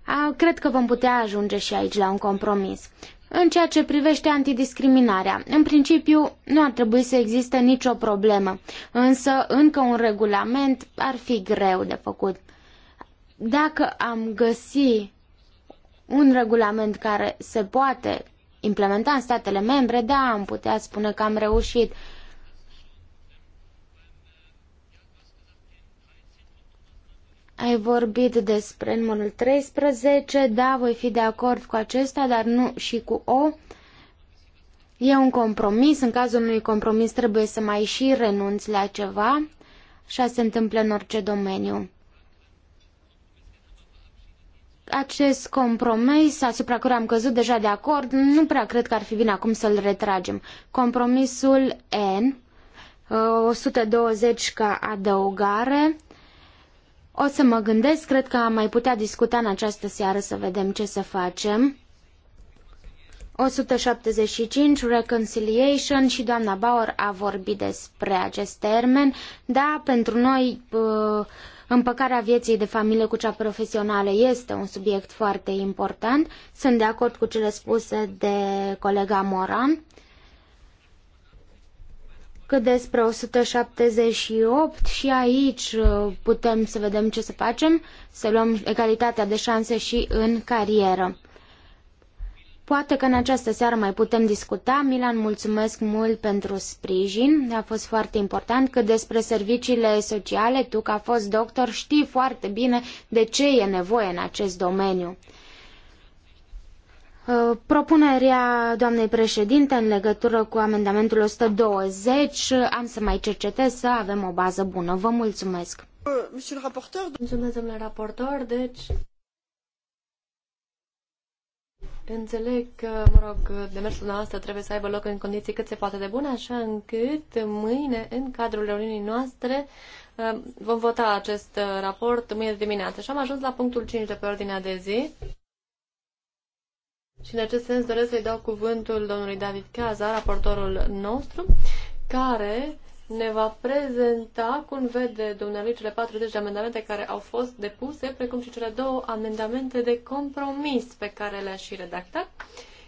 A, cred că vom putea ajunge și aici la un compromis. În ceea ce privește antidiscriminarea, în principiu nu ar trebui să existe nicio problemă, însă încă un regulament ar fi greu de făcut. Dacă am găsi un regulament care se poate implementa în statele membre, da, am putea spune că am reușit, Ai vorbit despre numărul 13, da, voi fi de acord cu acesta, dar nu și cu O. E un compromis, în cazul unui compromis trebuie să mai și renunți la ceva. Așa se întâmplă în orice domeniu. Acest compromis asupra care am căzut deja de acord, nu prea cred că ar fi bine acum să-l retragem. Compromisul N, 120 ca adăugare, o să mă gândesc, cred că am mai putea discuta în această seară să vedem ce să facem. 175, reconciliation și doamna Bauer a vorbit despre acest termen. Da, pentru noi uh, împăcarea vieții de familie cu cea profesională este un subiect foarte important. Sunt de acord cu cele spuse de colega Moran. Cât despre 178 și aici uh, putem să vedem ce să facem, să luăm egalitatea de șanse și în carieră. Poate că în această seară mai putem discuta. Milan, mulțumesc mult pentru sprijin. A fost foarte important că despre serviciile sociale, tu ca fost doctor știi foarte bine de ce e nevoie în acest domeniu. Uh, propunerea doamnei președinte în legătură cu amendamentul 120 am să mai cercetez să avem o bază bună. Vă mulțumesc. Mulțumesc, domnule raportor. Deci, Înțeleg că, mă rog, demersul noastră trebuie să aibă loc în condiții cât se poate de bune, așa încât mâine, în cadrul reuniunii noastre, uh, vom vota acest uh, raport mâine dimineață. Și am ajuns la punctul 5 de pe ordinea de zi. Și în acest sens doresc să-i dau cuvântul domnului David Caza, raportorul nostru, care ne va prezenta cum vede dumnealui cele 40 de amendamente care au fost depuse, precum și cele două amendamente de compromis pe care le-a și redactat.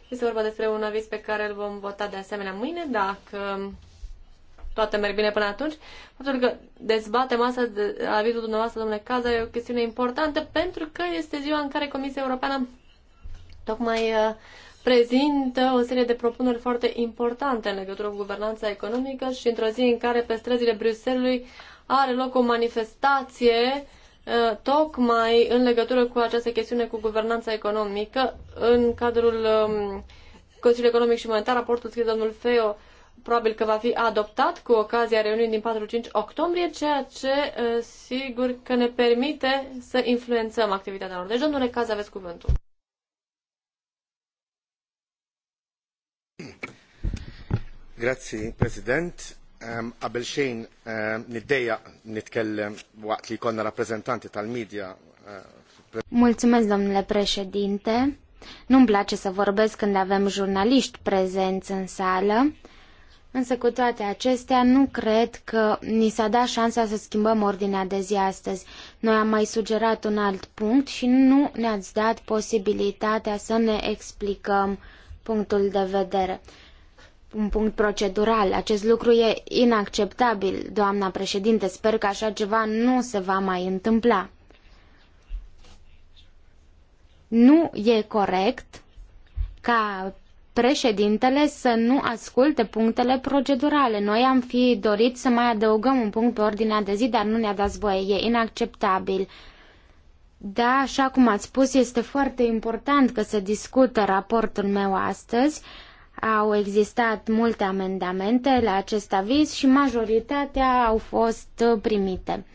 Este vorba despre un aviz pe care îl vom vota de asemenea mâine, dacă toate merg bine până atunci. Faptul că dezbatem asta, de, avizul dumneavoastră, domnule Caza, e o chestiune importantă pentru că este ziua în care Comisia Europeană tocmai uh, prezintă o serie de propuneri foarte importante în legătură cu guvernanța economică și într-o zi în care pe străzile Bruxellesului are loc o manifestație uh, tocmai în legătură cu această chestiune cu guvernanța economică în cadrul um, Consiliului Economic și Monetar, raportul scris de domnul Feo probabil că va fi adoptat cu ocazia reuniunii din 4-5 octombrie, ceea ce uh, sigur că ne permite să influențăm activitatea lor. Deci, domnule Caz, aveți cuvântul. Grazzi, President. Qabel ehm, xejn ehm, niddejjaq nitkellem waqt li jkollna rappreżentanti tal-medja. Eh, Mulțumesc, domnule președinte. Nu-mi place să vorbesc când avem jurnaliști prezenți în sală, însă cu toate acestea nu cred că ni s-a dat șansa să schimbăm ordinea de zi astăzi. Noi am mai sugerat un alt punct și nu ne-ați dat posibilitatea să ne explicăm uh, punctul de vedere. Un punct procedural. Acest lucru e inacceptabil, doamna președinte. Sper că așa ceva nu se va mai întâmpla. Nu e corect ca președintele să nu asculte punctele procedurale. Noi am fi dorit să mai adăugăm un punct pe ordinea de zi, dar nu ne-a dat voie. E inacceptabil. Da, așa cum ați spus, este foarte important că se discută raportul meu astăzi. Au existat multe amendamente la acest aviz și majoritatea au fost primite.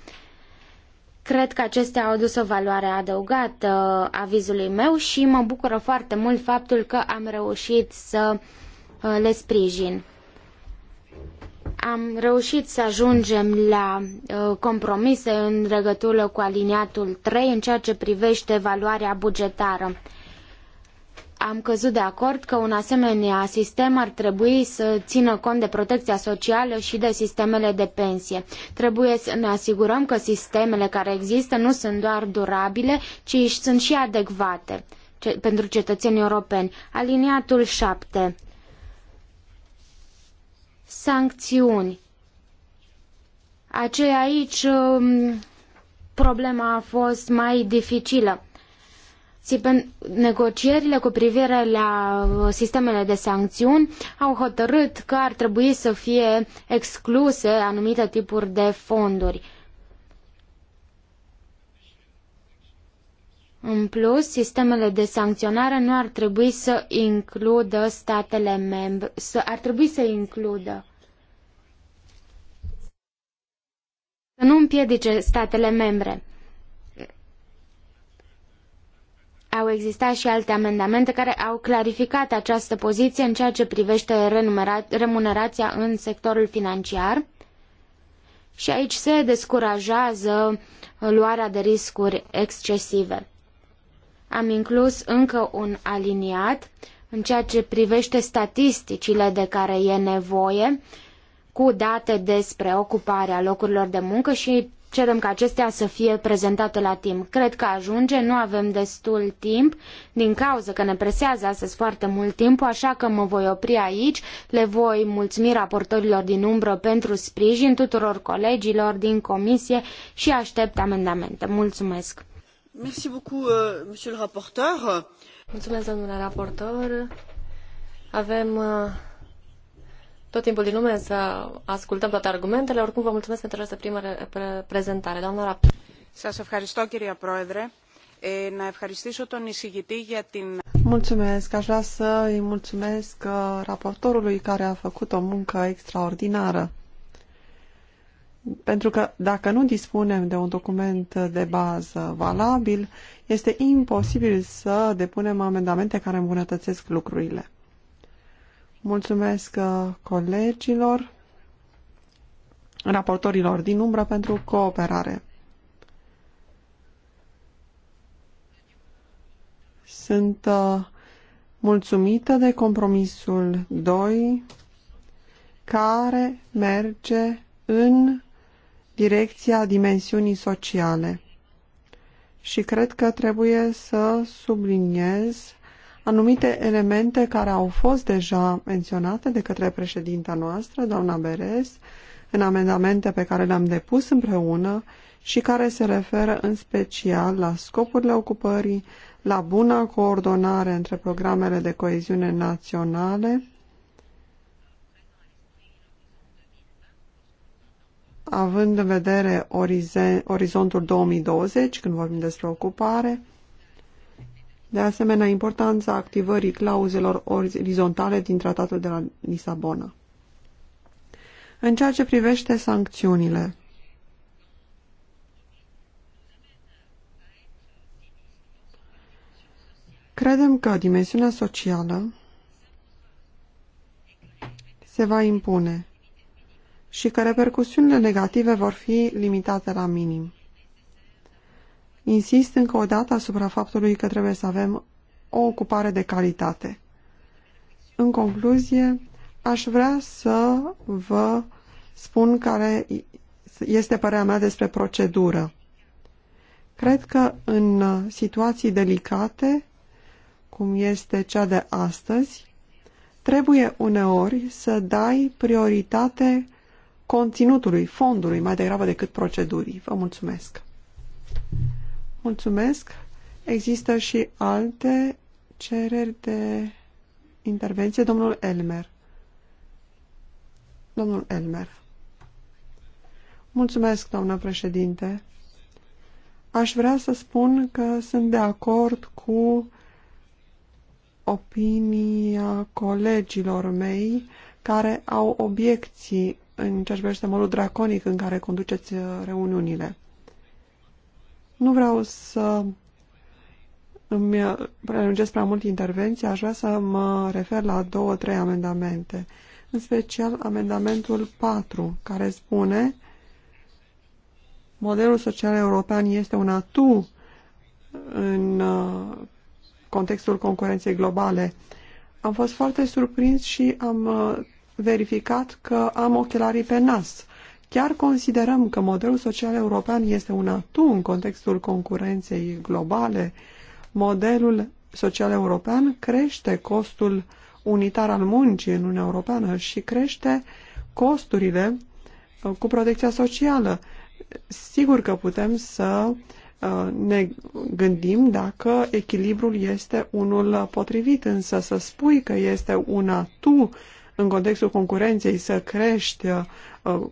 Cred că acestea au adus o valoare adăugată avizului meu și mă bucură foarte mult faptul că am reușit să uh, le sprijin am reușit să ajungem la uh, compromise în legătură cu aliniatul 3 în ceea ce privește evaluarea bugetară. Am căzut de acord că un asemenea sistem ar trebui să țină cont de protecția socială și de sistemele de pensie. Trebuie să ne asigurăm că sistemele care există nu sunt doar durabile, ci sunt și adecvate pentru cetățenii europeni. Aliniatul 7 sancțiuni. Aceea aici um, problema a fost mai dificilă. Negocierile cu privire la uh, sistemele de sancțiuni au hotărât că ar trebui să fie excluse anumite tipuri de fonduri. În plus, sistemele de sancționare nu ar trebui să includă statele membre, să, ar trebui să includă să nu împiedice statele membre. Au existat și alte amendamente care au clarificat această poziție în ceea ce privește remunerația în sectorul financiar și aici se descurajează luarea de riscuri excesive. Am inclus încă un aliniat în ceea ce privește statisticile de care e nevoie cu date despre ocuparea locurilor de muncă și cerem ca acestea să fie prezentate la timp. Cred că ajunge, nu avem destul timp din cauza că ne presează astăzi foarte mult timp, așa că mă voi opri aici. Le voi mulțumi raportorilor din umbră pentru sprijin, tuturor colegilor din comisie și aștept amendamente. Mulțumesc! Merci beaucoup, euh, monsieur le rapporteur. Mulțumesc, domnule raportor. Avem uh, tot timpul din lume să ascultăm toate argumentele. Oricum, vă mulțumesc pentru această primă prezentare. Doamna Raptu. Să vă mulțumesc, doamna Proedre. να ευχαριστήσω τον εισηγητή για την... Mulțumesc. Aș vrea să îi mulțumesc ă, raportorului care a făcut o muncă extraordinară. Pentru că dacă nu dispunem de un document de bază valabil, este imposibil să depunem amendamente care îmbunătățesc lucrurile. Mulțumesc uh, colegilor, raportorilor din umbră pentru cooperare. Sunt uh, mulțumită de compromisul 2 care merge în direcția dimensiunii sociale. Și cred că trebuie să subliniez anumite elemente care au fost deja menționate de către președinta noastră, doamna Beres, în amendamente pe care le-am depus împreună și care se referă în special la scopurile ocupării, la buna coordonare între programele de coeziune naționale, având în vedere orizontul 2020, când vorbim despre ocupare, de asemenea, importanța activării clauzelor orizontale din tratatul de la Lisabona. În ceea ce privește sancțiunile, credem că dimensiunea socială se va impune și că repercusiunile negative vor fi limitate la minim. Insist încă o dată asupra faptului că trebuie să avem o ocupare de calitate. În concluzie, aș vrea să vă spun care este părerea mea despre procedură. Cred că în situații delicate, cum este cea de astăzi, trebuie uneori să dai prioritate conținutului, fondului, mai degrabă decât procedurii. Vă mulțumesc! Mulțumesc. Există și alte cereri de intervenție. Domnul Elmer. Domnul Elmer. Mulțumesc, doamnă președinte. Aș vrea să spun că sunt de acord cu opinia colegilor mei care au obiecții în ceea ce modul draconic în care conduceți uh, reuniunile. Nu vreau să îmi prelungesc prea mult intervenția, aș vrea să mă refer la două, trei amendamente. În special amendamentul 4, care spune modelul social european este un atu în uh, contextul concurenței globale. Am fost foarte surprins și am uh, verificat că am ochelarii pe nas. Chiar considerăm că modelul social european este un atu în contextul concurenței globale. Modelul social european crește costul unitar al muncii în Uniunea Europeană și crește costurile uh, cu protecția socială. Sigur că putem să uh, ne gândim dacă echilibrul este unul potrivit, însă să spui că este un atu în contextul concurenței să crești uh,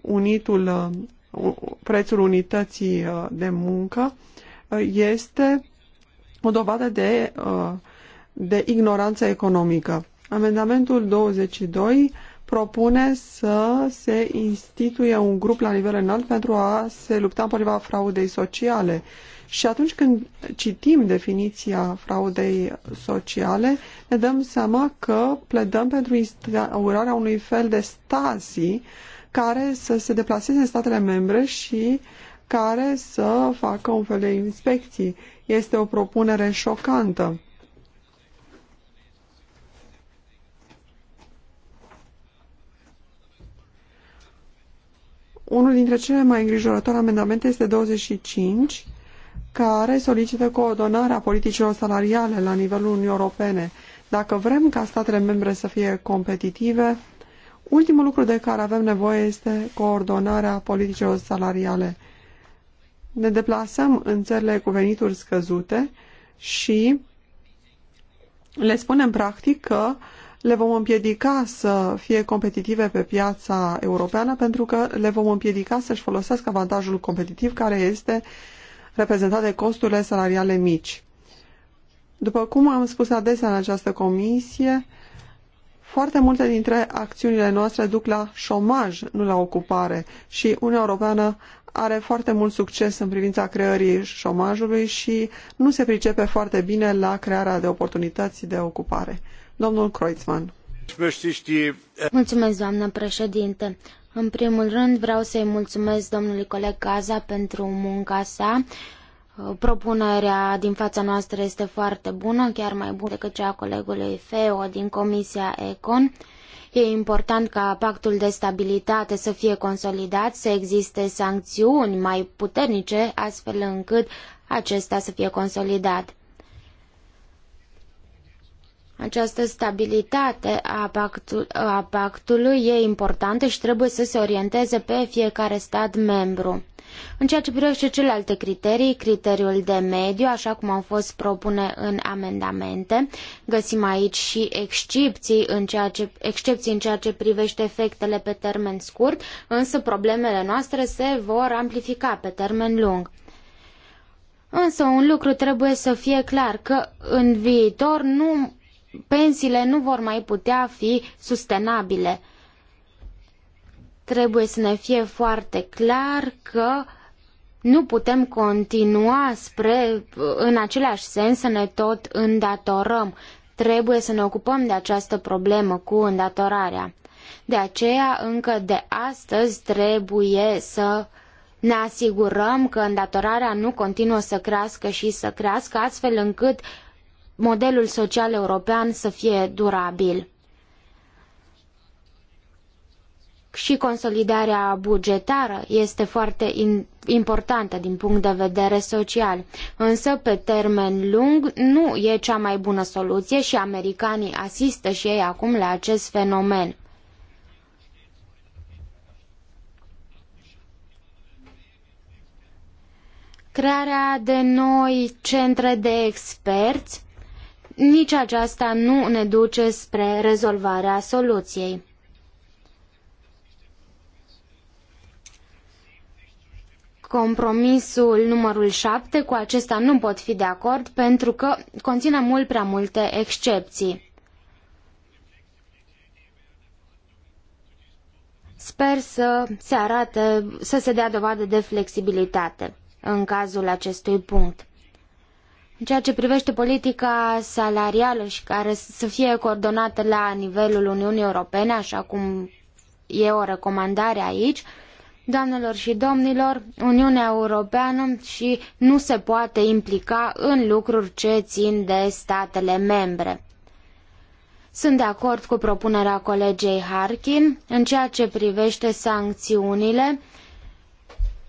unitul, uh, prețul unității uh, de muncă este o dovadă de, de ignoranță economică. Amendamentul 22 propune să se instituie un grup la nivel înalt pentru a se lupta împotriva fraudei sociale și atunci când citim definiția fraudei sociale, ne dăm seama că pledăm pentru instaurarea unui fel de stazii care să se deplaseze în statele membre și care să facă un fel de inspecții. Este o propunere șocantă. Unul dintre cele mai îngrijorătoare amendamente este 25, care solicită coordonarea politicilor salariale la nivelul Uniunii Europene. Dacă vrem ca statele membre să fie competitive, ultimul lucru de care avem nevoie este coordonarea politicilor salariale. Ne deplasăm în țările cu venituri scăzute și le spunem practic că le vom împiedica să fie competitive pe piața europeană pentru că le vom împiedica să-și folosească avantajul competitiv care este uh, reprezentat de costurile salariale mici. După cum am spus adesea în această comisie, foarte multe dintre acțiunile noastre duc la șomaj, nu la ocupare și Uniunea Europeană are foarte mult succes în privința creării șomajului și nu se pricepe foarte bine la crearea de oportunități de ocupare. Domnul Kreutzmann. Mulțumesc, doamnă președinte. În primul rând vreau să-i mulțumesc domnului coleg Gaza pentru munca sa. Uh, propunerea din fața noastră este foarte bună, chiar mai bună decât cea a colegului Feo din Comisia Econ. E important ca pactul de stabilitate să fie consolidat, să existe sancțiuni mai puternice, astfel încât acesta să fie consolidat. Această stabilitate a, a pactului e importantă și trebuie să se orienteze pe fiecare stat membru. În ceea ce privește celelalte criterii, criteriul de mediu, așa cum au fost propune în amendamente, găsim aici și excepții în ceea ce, excepții în ceea ce privește efectele pe termen scurt, însă problemele noastre se vor amplifica pe termen lung. Însă un lucru trebuie să fie clar că în viitor nu pensiile nu vor mai putea fi sustenabile. Trebuie să ne fie foarte clar că nu putem continua spre, în același sens să ne tot îndatorăm. Trebuie să ne ocupăm de această problemă cu îndatorarea. De aceea, încă de astăzi, trebuie să ne asigurăm că îndatorarea nu continuă să crească și să crească, astfel încât modelul social european să fie durabil și consolidarea bugetară este foarte importantă din punct de vedere social, însă pe termen lung nu e cea mai bună soluție și americanii asistă și ei acum la acest fenomen. Crearea de noi centre de experți nici aceasta nu ne duce spre rezolvarea soluției. Compromisul numărul 7, cu acesta nu pot fi de acord pentru că conține mult prea multe excepții. Sper să se arate, să se dea dovadă de flexibilitate în cazul acestui punct. În ceea ce privește politica salarială și care să fie coordonată la nivelul Uniunii Europene, așa cum e o recomandare aici, Doamnelor și domnilor, Uniunea Europeană și nu se poate implica în lucruri ce țin de statele membre. Sunt de acord cu propunerea colegei Harkin în ceea ce privește sancțiunile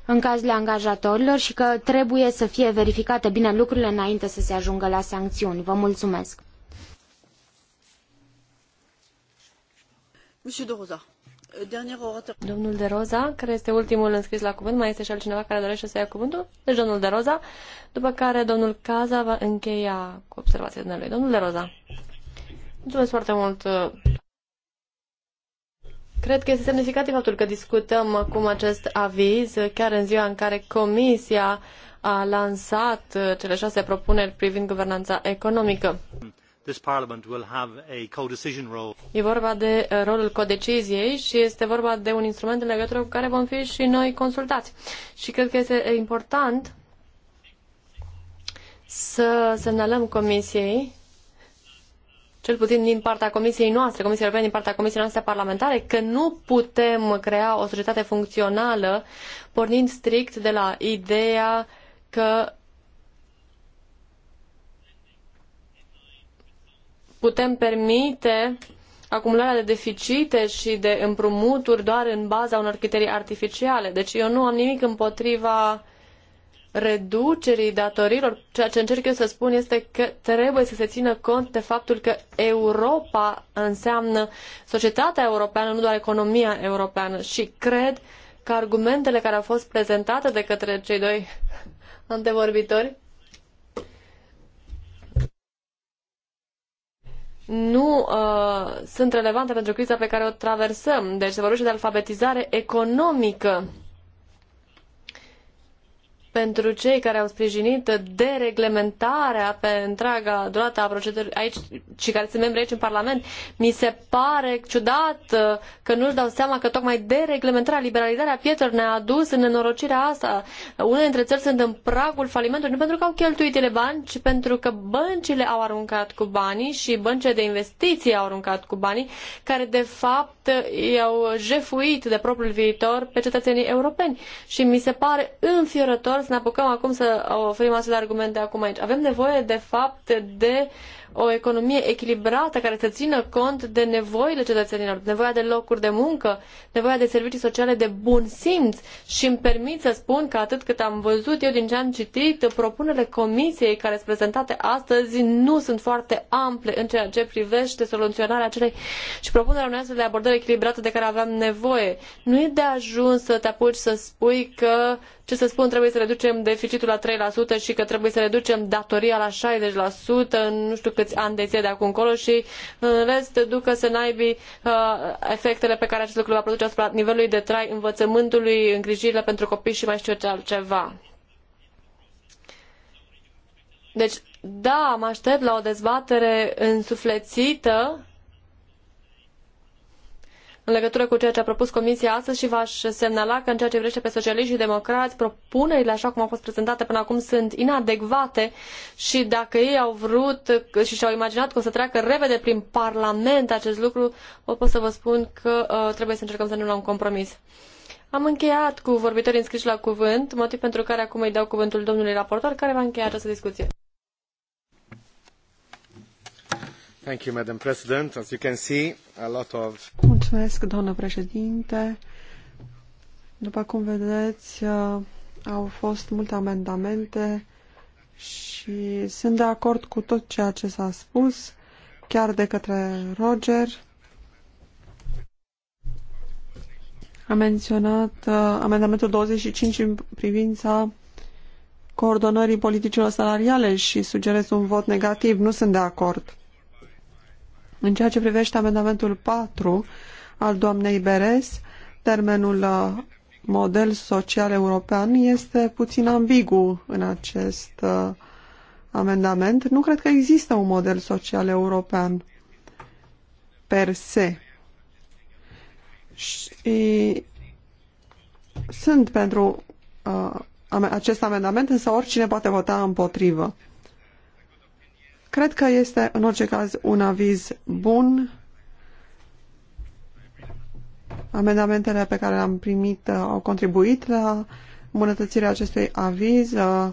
în cazurile angajatorilor și că trebuie să fie verificate bine lucrurile înainte să se ajungă la sancțiuni. Vă mulțumesc. Euh, domnul de Roza, care este ultimul înscris la cuvânt, mai este și altcineva care dorește să ia cuvântul? Deci domnul de Roza, după care domnul Caza va încheia cu observația dumneavoastră. Domnul de Roza. Mulțumesc foarte mult, Cred că este semnificativ faptul că discutăm acum acest aviz, chiar în ziua în care Comisia a lansat uh, cele șase propuneri privind guvernanța economică. This Parliament will have a role. E vorba de uh, rolul codeciziei și este vorba de un instrument în legătură cu care vom fi și noi consultați. Și cred că este important să semnalăm Comisiei cel puțin din partea Comisiei noastre, Comisiei Europene, din partea Comisiei noastre parlamentare, că nu putem crea o societate funcțională pornind strict de la ideea că putem permite acumularea de deficite și de împrumuturi doar în baza unor criterii artificiale. Deci eu nu am nimic împotriva reducerii datorilor, ceea ce încerc eu să spun este că trebuie să se țină cont de faptul că Europa înseamnă societatea europeană, nu doar economia europeană. Și cred că argumentele care au fost prezentate de către cei doi (laughs) antevorbitori nu uh, sunt relevante pentru criza pe care o traversăm. Deci se vorbește de alfabetizare economică pentru cei care au sprijinit dereglementarea pe întreaga durată a procedurii aici și care sunt membri aici în Parlament, mi se pare ciudat uh, că nu-și dau seama că tocmai dereglementarea, liberalizarea piețelor ne-a adus în nenorocirea asta. Unele dintre țări sunt în pragul falimentului, nu pentru că au cheltuit ele bani, ci pentru că băncile au aruncat cu banii și băncile de investiții au aruncat cu banii, care de fapt i-au jefuit de propriul viitor pe cetățenii europeni. Și mi se pare înfiorător să ne apucăm acum să oferim astfel de argumente acum aici. Avem nevoie, de fapt, de uh, o economie echilibrată care să țină cont de nevoile cetățenilor, nevoia de locuri de muncă, nevoia de servicii sociale de bun simț și îmi permit să spun că atât cât am văzut eu din ce am citit, propunerile comisiei care sunt prezentate astăzi nu sunt foarte ample în ceea ce privește soluționarea acelei și propunerea unei astfel de abordări echilibrată de care aveam nevoie. Nu e de ajuns să te apuci să spui că ce să spun, trebuie să reducem deficitul la 3% și că trebuie să reducem datoria la 60% în nu știu câți ani de zile de acum încolo și în rest ducă să naibii uh, efectele pe care acest lucru va produce asupra nivelului de trai, învățământului, îngrijirile pentru copii și mai știu ce altceva. Deci, da, mă aștept la o dezbatere însuflețită în legătură cu ceea ce a propus Comisia astăzi și v-aș semnala că în ceea ce vrește pe socialiști și democrați, propunerile așa cum au fost prezentate până acum sunt inadecvate și dacă ei au vrut și și-au imaginat că o să treacă repede prin Parlament acest lucru, pot să vă spun că uh, trebuie să încercăm să nu luăm un compromis. Am încheiat cu vorbitorii înscriși la cuvânt, motiv pentru care acum îi dau cuvântul domnului raportor care va încheia această discuție. Mulțumesc, doamnă președinte. După cum vedeți, uh, au fost multe amendamente și sunt de acord cu tot ceea ce s-a spus, chiar de către Roger. A menționat uh, amendamentul 25 în privința coordonării politicilor salariale și sugerez un vot negativ. Nu sunt de acord. În ceea ce privește amendamentul 4 al doamnei Beres, termenul uh, model social european este puțin ambigu în acest uh, amendament. Nu cred că există un model social european per se. Și sunt pentru uh, acest amendament, însă oricine poate vota împotrivă. Cred că este, în orice caz, un aviz bun. Amendamentele pe care le-am primit uh, au contribuit la îmbunătățirea acestui aviz. Uh,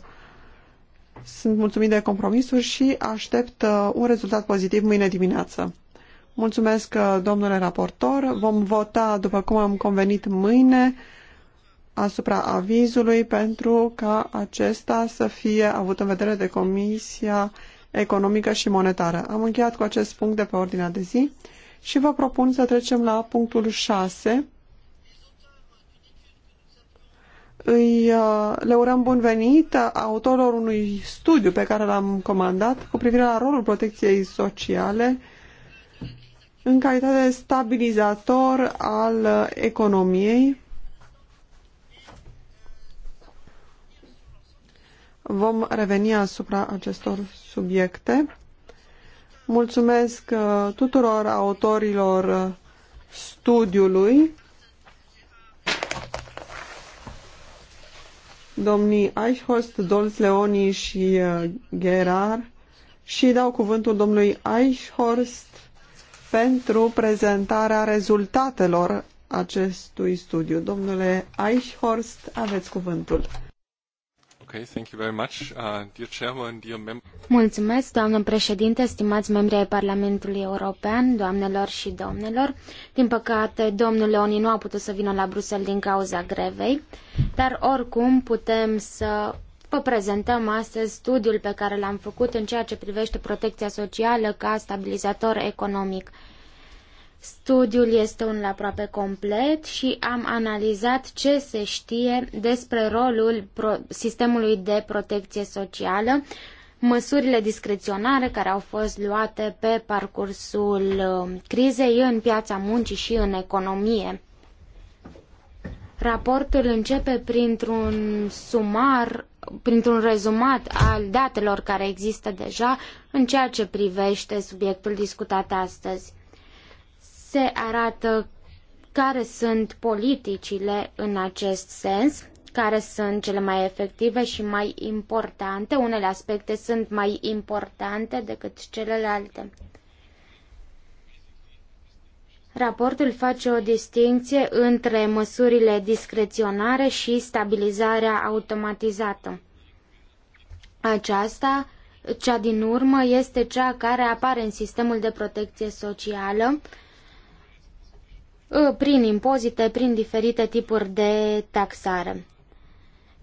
sunt mulțumit de compromisuri și aștept uh, un rezultat pozitiv mâine dimineață. Mulțumesc, domnule raportor. Vom vota, după cum am convenit, mâine asupra avizului pentru ca acesta să fie avut în vedere de Comisia economică și monetară. Am încheiat cu acest punct de pe ordinea de zi și vă propun să trecem la punctul 6. Îi, uh, le urăm bun venit autorilor unui studiu pe care l-am comandat cu privire la rolul protecției sociale în calitate de stabilizator al economiei Vom reveni asupra acestor subiecte. Mulțumesc uh, tuturor autorilor uh, studiului, domnii Eichhorst, Dolz Leoni și uh, Gerard și dau cuvântul domnului Eichhorst pentru prezentarea rezultatelor acestui studiu. Domnule Eichhorst, aveți cuvântul. Okay, thank you very much. Uh, dear chairman, dear mem- Mulțumesc, doamnă președinte, stimați membri ai Parlamentului European, doamnelor și domnilor. Din păcate, domnul Leoni nu a putut să vină la Bruxelles din cauza grevei, dar oricum putem să Vă prezentăm astăzi studiul pe care l-am făcut în ceea ce privește protecția socială ca stabilizator economic. Studiul este unul aproape complet și am analizat ce se știe despre rolul sistemului de protecție socială, măsurile discreționare care au fost luate pe parcursul um, crizei în piața muncii și în economie. Raportul începe printr-un sumar, printr-un rezumat al datelor care există deja în ceea ce privește subiectul discutat astăzi se arată care sunt politicile în acest sens, care sunt cele mai efective și mai importante. Unele aspecte sunt mai importante decât celelalte. Raportul face o distinție între măsurile discreționare și stabilizarea automatizată. Aceasta, cea din urmă, este cea care apare în sistemul de protecție socială, uh, Ă, prin impozite, prin diferite tipuri de taxare.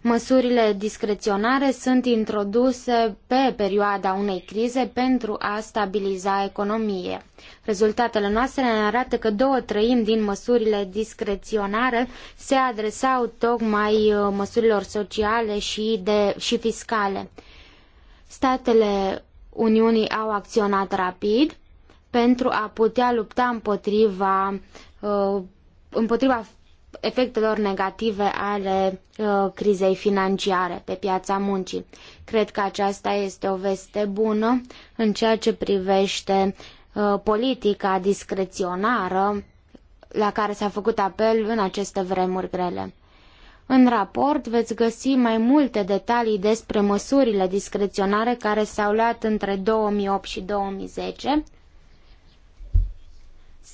Măsurile discreționare sunt introduse pe perioada unei crize pentru a stabiliza economie. Rezultatele noastre ne arată că două treimi din măsurile discreționare se adresau tocmai ă, măsurilor sociale și, de, și fiscale. Statele Uniunii au acționat rapid pentru a putea lupta împotriva Uh, împotriva efectelor negative ale uh, crizei financiare pe piața muncii. Cred că aceasta este o veste bună în ceea ce privește uh, politica discreționară la care s-a făcut apel în aceste vremuri grele. În raport veți găsi mai multe detalii despre măsurile discreționare care s-au luat între 2008 și 2010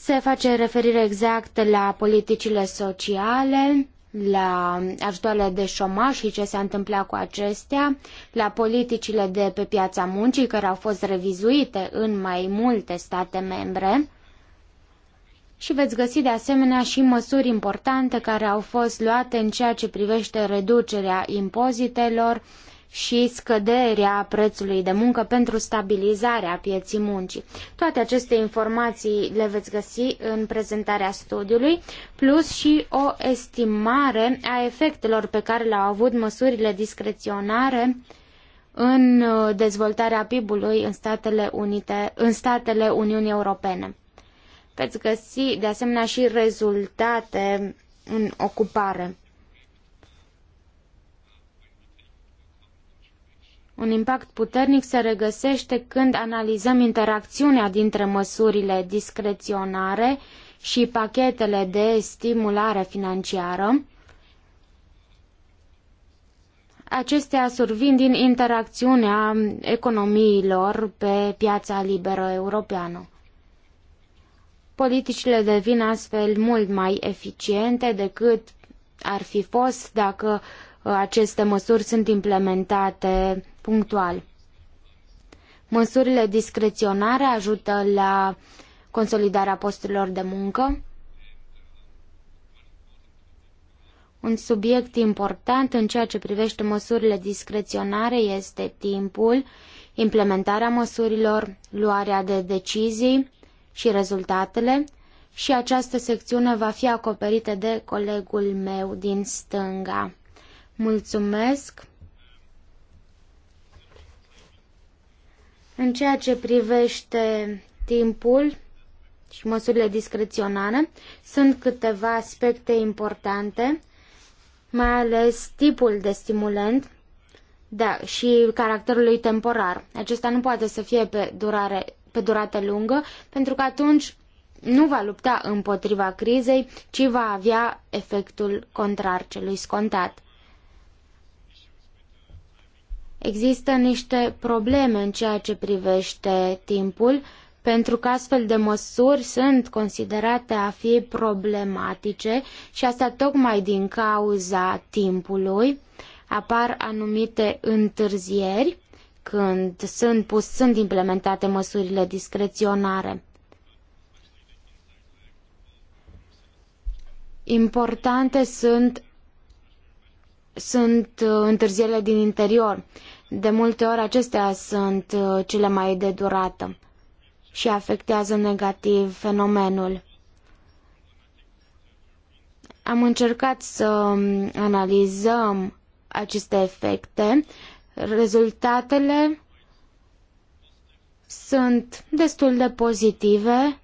se face referire exact la politicile sociale, la ajutoarele de șomaș și ce s-a întâmplat cu acestea, la politicile de pe piața muncii care au fost revizuite în mai multe state membre și veți găsi de asemenea și măsuri importante care au fost luate în ceea ce privește reducerea impozitelor, și scăderea prețului de muncă pentru stabilizarea pieții muncii. Toate aceste informații le veți găsi în prezentarea studiului, plus și o estimare a efectelor pe care le-au avut măsurile discreționare în uh, dezvoltarea PIB-ului în Statele, Unite, în statele Uniunii Europene. Veți găsi de asemenea și rezultate în ocupare. Un impact puternic se regăsește când analizăm interacțiunea dintre măsurile discreționare și pachetele de stimulare financiară. Acestea survin din interacțiunea economiilor pe piața liberă europeană. Politicile devin astfel mult mai eficiente decât ar fi fost dacă uh, aceste măsuri sunt implementate punctual. Măsurile discreționare ajută la consolidarea posturilor de muncă. Un subiect important în ceea ce privește măsurile discreționare este timpul, implementarea măsurilor, luarea de decizii și rezultatele și această secțiune va fi acoperită de colegul meu din stânga. Mulțumesc! În ceea ce privește timpul și măsurile discreționare, sunt câteva aspecte importante, mai ales tipul de stimulant da, și caracterul lui temporar. Acesta nu poate să fie pe, durare, pe durată lungă, pentru că atunci nu va lupta împotriva crizei, ci va avea efectul contrar celui scontat. Există niște probleme în ceea ce privește timpul, pentru că astfel de măsuri sunt considerate a fi problematice și asta tocmai din cauza timpului. Apar anumite întârzieri când sunt, pus, sunt implementate măsurile discreționare. Importante sunt sunt uh, întârzierile din interior. De multe ori acestea sunt uh, cele mai de durată și afectează negativ fenomenul. Am încercat să um, analizăm aceste efecte. Rezultatele sunt destul de pozitive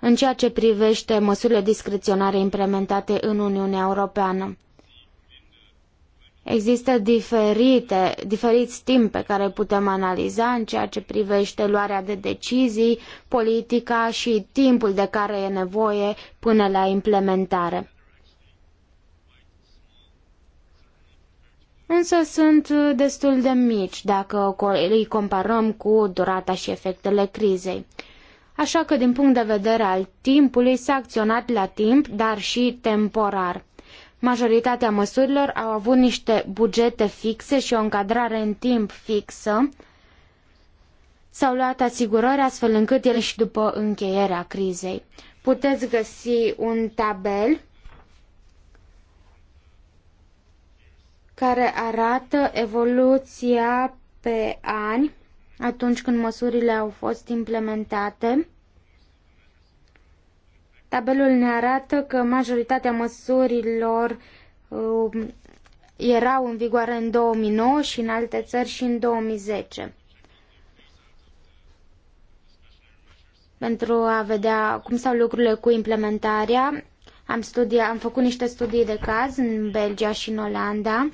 în ceea ce privește măsurile discreționare implementate în Uniunea Europeană. Există diferite, diferiți timp pe care putem analiza în ceea ce privește luarea de decizii, politica și timpul de care e nevoie până la implementare. Însă sunt destul de mici dacă îi comparăm cu durata și efectele crizei așa că din punct de vedere al timpului s-a acționat la timp, dar și temporar. Majoritatea măsurilor au avut niște bugete fixe și o încadrare în timp fixă. S-au luat asigurări astfel încât ele și după încheierea crizei. Puteți găsi un tabel care arată evoluția pe ani atunci când măsurile au fost implementate. Tabelul ne arată că majoritatea măsurilor uh, erau în vigoare în 2009 și în alte țări și în 2010. Pentru a vedea cum stau lucrurile cu implementarea, am, studia, am făcut niște studii de caz în Belgia și în Olanda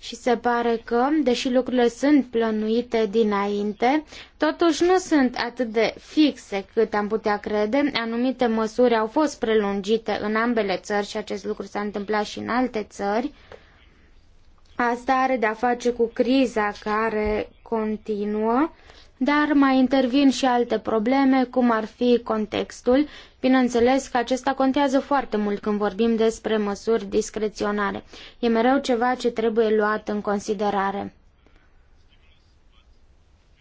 și se pare că, deși lucrurile sunt plănuite dinainte, totuși nu sunt atât de fixe cât am putea crede. Anumite măsuri au fost prelungite în ambele țări și acest lucru s-a întâmplat și în alte țări. Asta are de-a face cu criza care continuă dar mai intervin și alte probleme, cum ar fi contextul. Bineînțeles că acesta contează foarte mult când vorbim despre măsuri discreționare. E mereu ceva ce trebuie luat în considerare.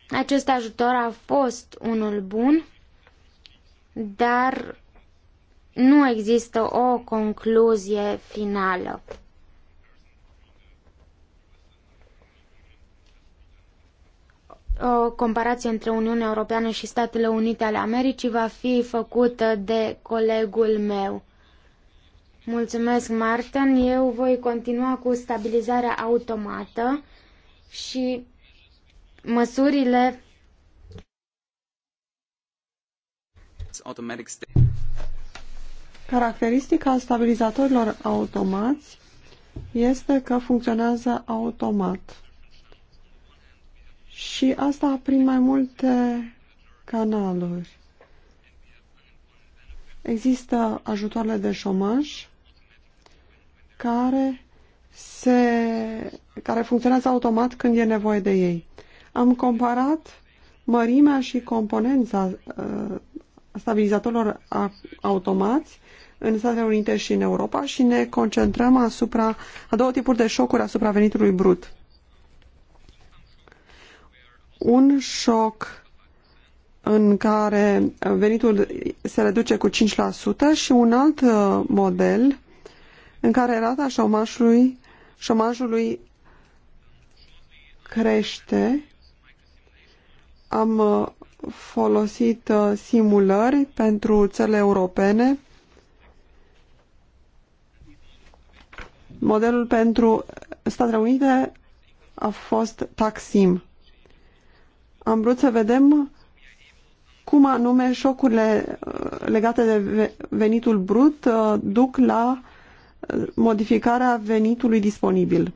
Acest ajutor a fost unul bun, dar nu există o concluzie finală. o comparație între Uniunea Europeană și Statele Unite ale Americii va fi făcută de colegul meu. Mulțumesc, Martin. Eu voi continua cu stabilizarea automată și măsurile Caracteristica stabilizatorilor automați este că funcționează automat și asta prin mai multe canaluri. Există ajutoarele de șomaj care, se, care funcționează automat când e nevoie de ei. Am comparat mărimea și componența uh, stabilizatorilor automați în Statele Unite și în Europa și ne concentrăm asupra a două tipuri de șocuri asupra venitului brut un șoc în care venitul se reduce cu 5% și un alt uh, model în care rata șomajului, șomajului crește. Am uh, folosit uh, simulări pentru țările europene. Modelul pentru Statele Unite a fost Taxim am vrut să vedem cum anume șocurile uh, legate de venitul brut uh, duc la uh, modificarea venitului disponibil.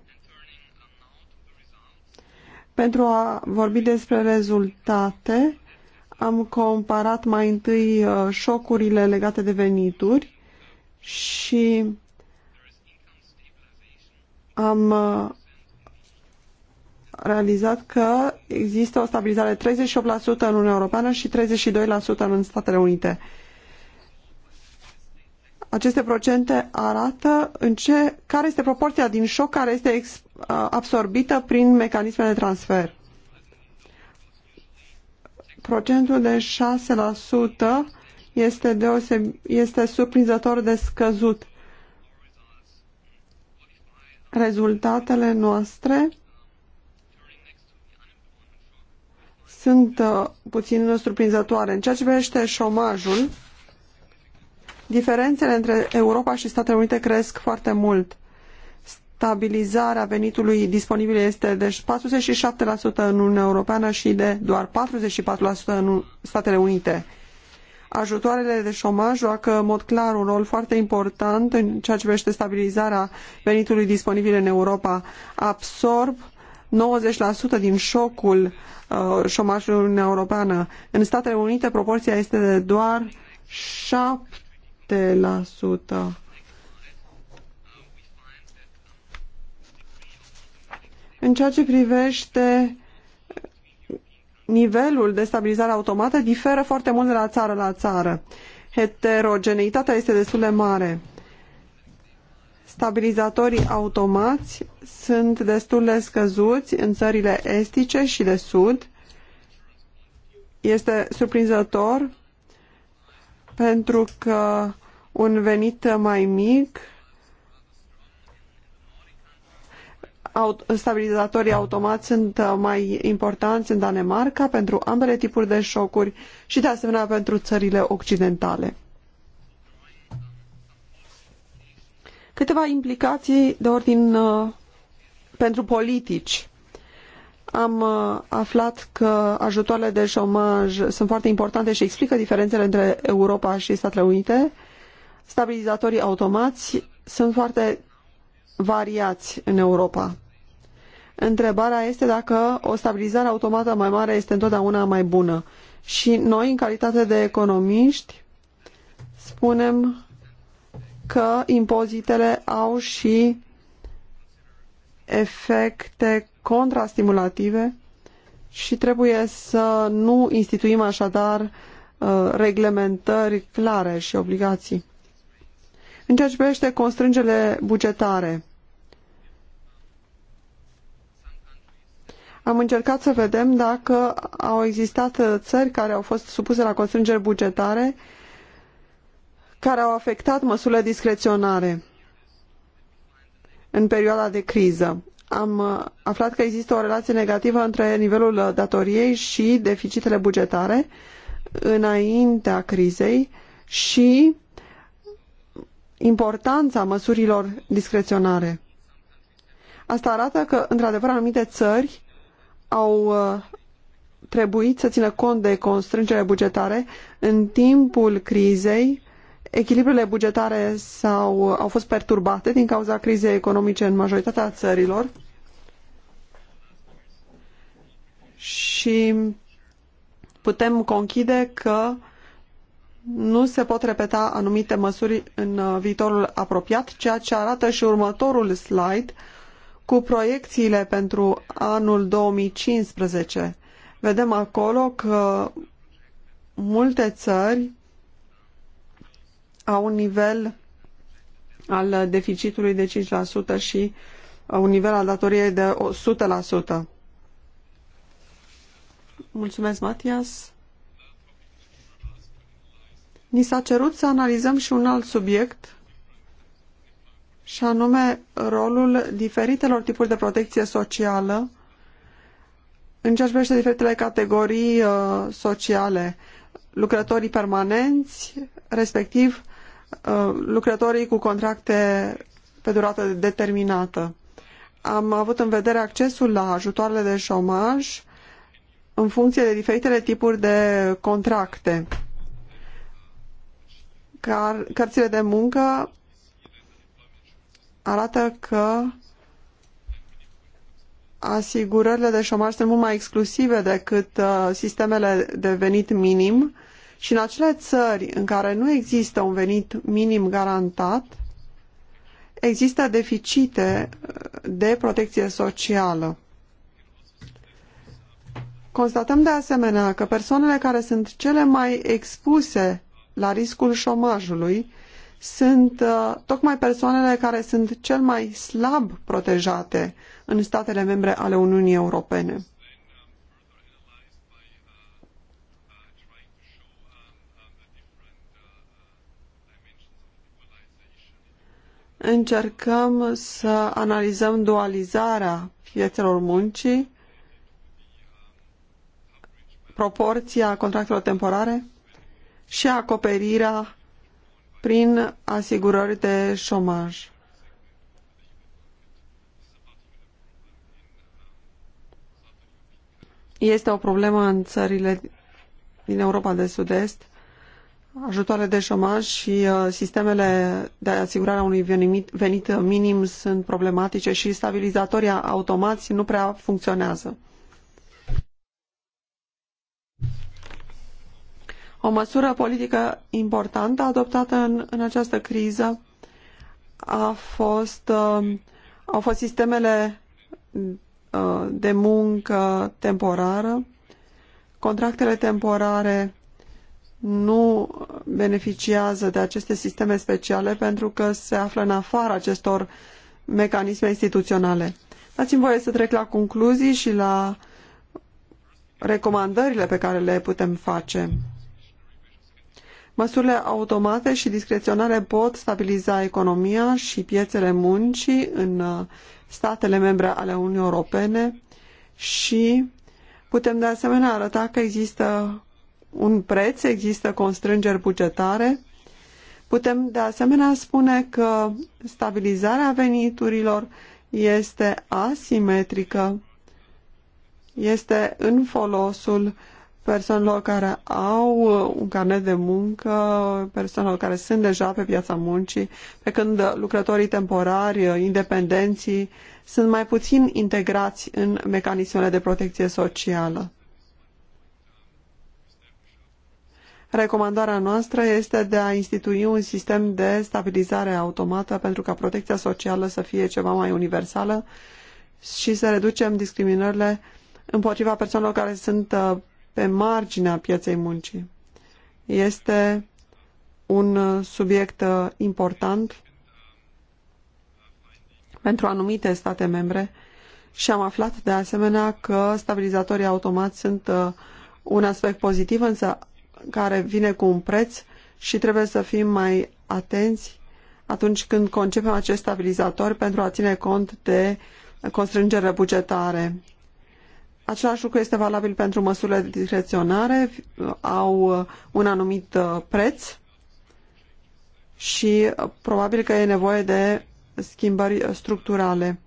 Pentru a vorbi despre rezultate, am comparat mai întâi șocurile legate de venituri și am realizat că există o stabilizare 38% în Uniunea Europeană și 32% în Statele Unite. Aceste procente arată în ce, care este proporția din șoc care este ex, uh, absorbită prin mecanismele de transfer. Procentul de 6% este, deoseb, este surprinzător de scăzut. Rezultatele noastre sunt uh, puțin surprinzătoare. În ceea ce privește șomajul, diferențele între Europa și Statele Unite cresc foarte mult. Stabilizarea venitului disponibil este de 47% în Uniunea Europeană și de doar 44% în Statele Unite. Ajutoarele de șomaj joacă în mod clar un rol foarte important în ceea ce privește stabilizarea venitului disponibil în Europa. Absorb uh, 90% din șocul uh, șomajului în Uniunea Europeană. În Statele Unite proporția este de doar 7%. În ceea ce privește nivelul de stabilizare automată diferă foarte mult de la țară la țară. Heterogeneitatea este destul de mare stabilizatorii automați sunt destul de scăzuți în țările estice și de sud. Este surprinzător pentru că un venit mai mic stabilizatorii automați sunt mai importanți în Danemarca pentru ambele tipuri de șocuri și de asemenea pentru țările occidentale. Câteva implicații de ordin uh, pentru politici. Am uh, aflat că ajutoarele de șomaj sunt foarte importante și explică diferențele între Europa și Statele Unite. Stabilizatorii automați sunt foarte variați în Europa. Întrebarea este dacă o stabilizare automată mai mare este întotdeauna mai bună. Și noi, în calitate de economiști, spunem că impozitele au și efecte contrastimulative și trebuie să nu instituim așadar uh, reglementări clare și obligații. În ceea ce privește constrângele bugetare, am încercat să vedem dacă au existat uh, țări care au fost supuse la constrângeri bugetare uh, care au afectat măsurile discreționare în perioada de criză. Am uh, aflat că există o relație negativă între nivelul uh, datoriei și deficitele bugetare înaintea crizei și importanța măsurilor discreționare. Asta arată că, într-adevăr, anumite țări au uh, trebuit să țină cont de constrângere bugetare în timpul crizei echilibrele bugetare au fost perturbate din cauza crizei economice în majoritatea țărilor și putem conchide că nu se pot repeta anumite măsuri în viitorul apropiat, ceea ce arată și următorul slide cu proiecțiile pentru anul 2015. Vedem acolo că multe țări a un nivel al deficitului de 5% și uh, un nivel al datoriei de 100%. Mulțumesc, Matias. Ni s-a cerut să analizăm și un alt subiect, și anume rolul diferitelor tipuri de protecție socială în ceea ce privește diferitele categorii uh, sociale, lucrătorii permanenți, respectiv Uh, lucrătorii cu contracte pe durată determinată. Am avut în vedere accesul la ajutoarele de șomaj în funcție de diferitele tipuri de contracte. Car cărțile de muncă arată că asigurările de șomaj sunt mult mai exclusive decât uh, sistemele de venit minim și în acele țări în care nu există un venit minim garantat, există deficite uh, de protecție socială. Constatăm de asemenea că persoanele care sunt cele mai expuse la riscul șomajului sunt uh, tocmai persoanele care sunt cel mai slab protejate în statele membre ale Uniunii Europene. încercăm să analizăm dualizarea piețelor muncii, proporția contractelor temporare și acoperirea prin asigurări de șomaj. Este o problemă în țările din Europa de Sud-Est ajutoare de șomaj și uh, sistemele de asigurare a unui venit, venit minim sunt problematice și stabilizatorii automați nu prea funcționează. O măsură politică importantă adoptată în, în această criză a fost, uh, au fost sistemele uh, de muncă temporară, contractele temporare nu beneficiază de aceste sisteme speciale pentru că se află în afara acestor mecanisme instituționale. Dați-mi voie să trec la concluzii și la recomandările pe care le putem face. Măsurile automate și discreționale pot stabiliza economia și piețele muncii în statele membre ale Uniunii Europene și putem de asemenea arăta că există un preț, există constrângeri bugetare. Putem de asemenea spune că stabilizarea veniturilor este asimetrică, este în folosul persoanelor care au un carnet de muncă, persoanelor care sunt deja pe piața muncii, pe când lucrătorii temporari, independenții, sunt mai puțin integrați în mecanismele de protecție socială. Recomandarea noastră este de a institui un sistem de stabilizare automată pentru ca protecția socială să fie ceva mai universală și să reducem discriminările împotriva persoanelor care sunt uh, pe marginea pieței muncii. Este un uh, subiect uh, important pentru anumite state membre și am aflat de asemenea că stabilizatorii automați sunt un aspect pozitiv, însă care vine cu un preț și trebuie să fim mai atenți atunci când concepem acest stabilizator pentru a ține cont de constrângere bugetare. Același lucru este valabil pentru măsurile discreționare, au un anumit preț și probabil că e nevoie de schimbări structurale.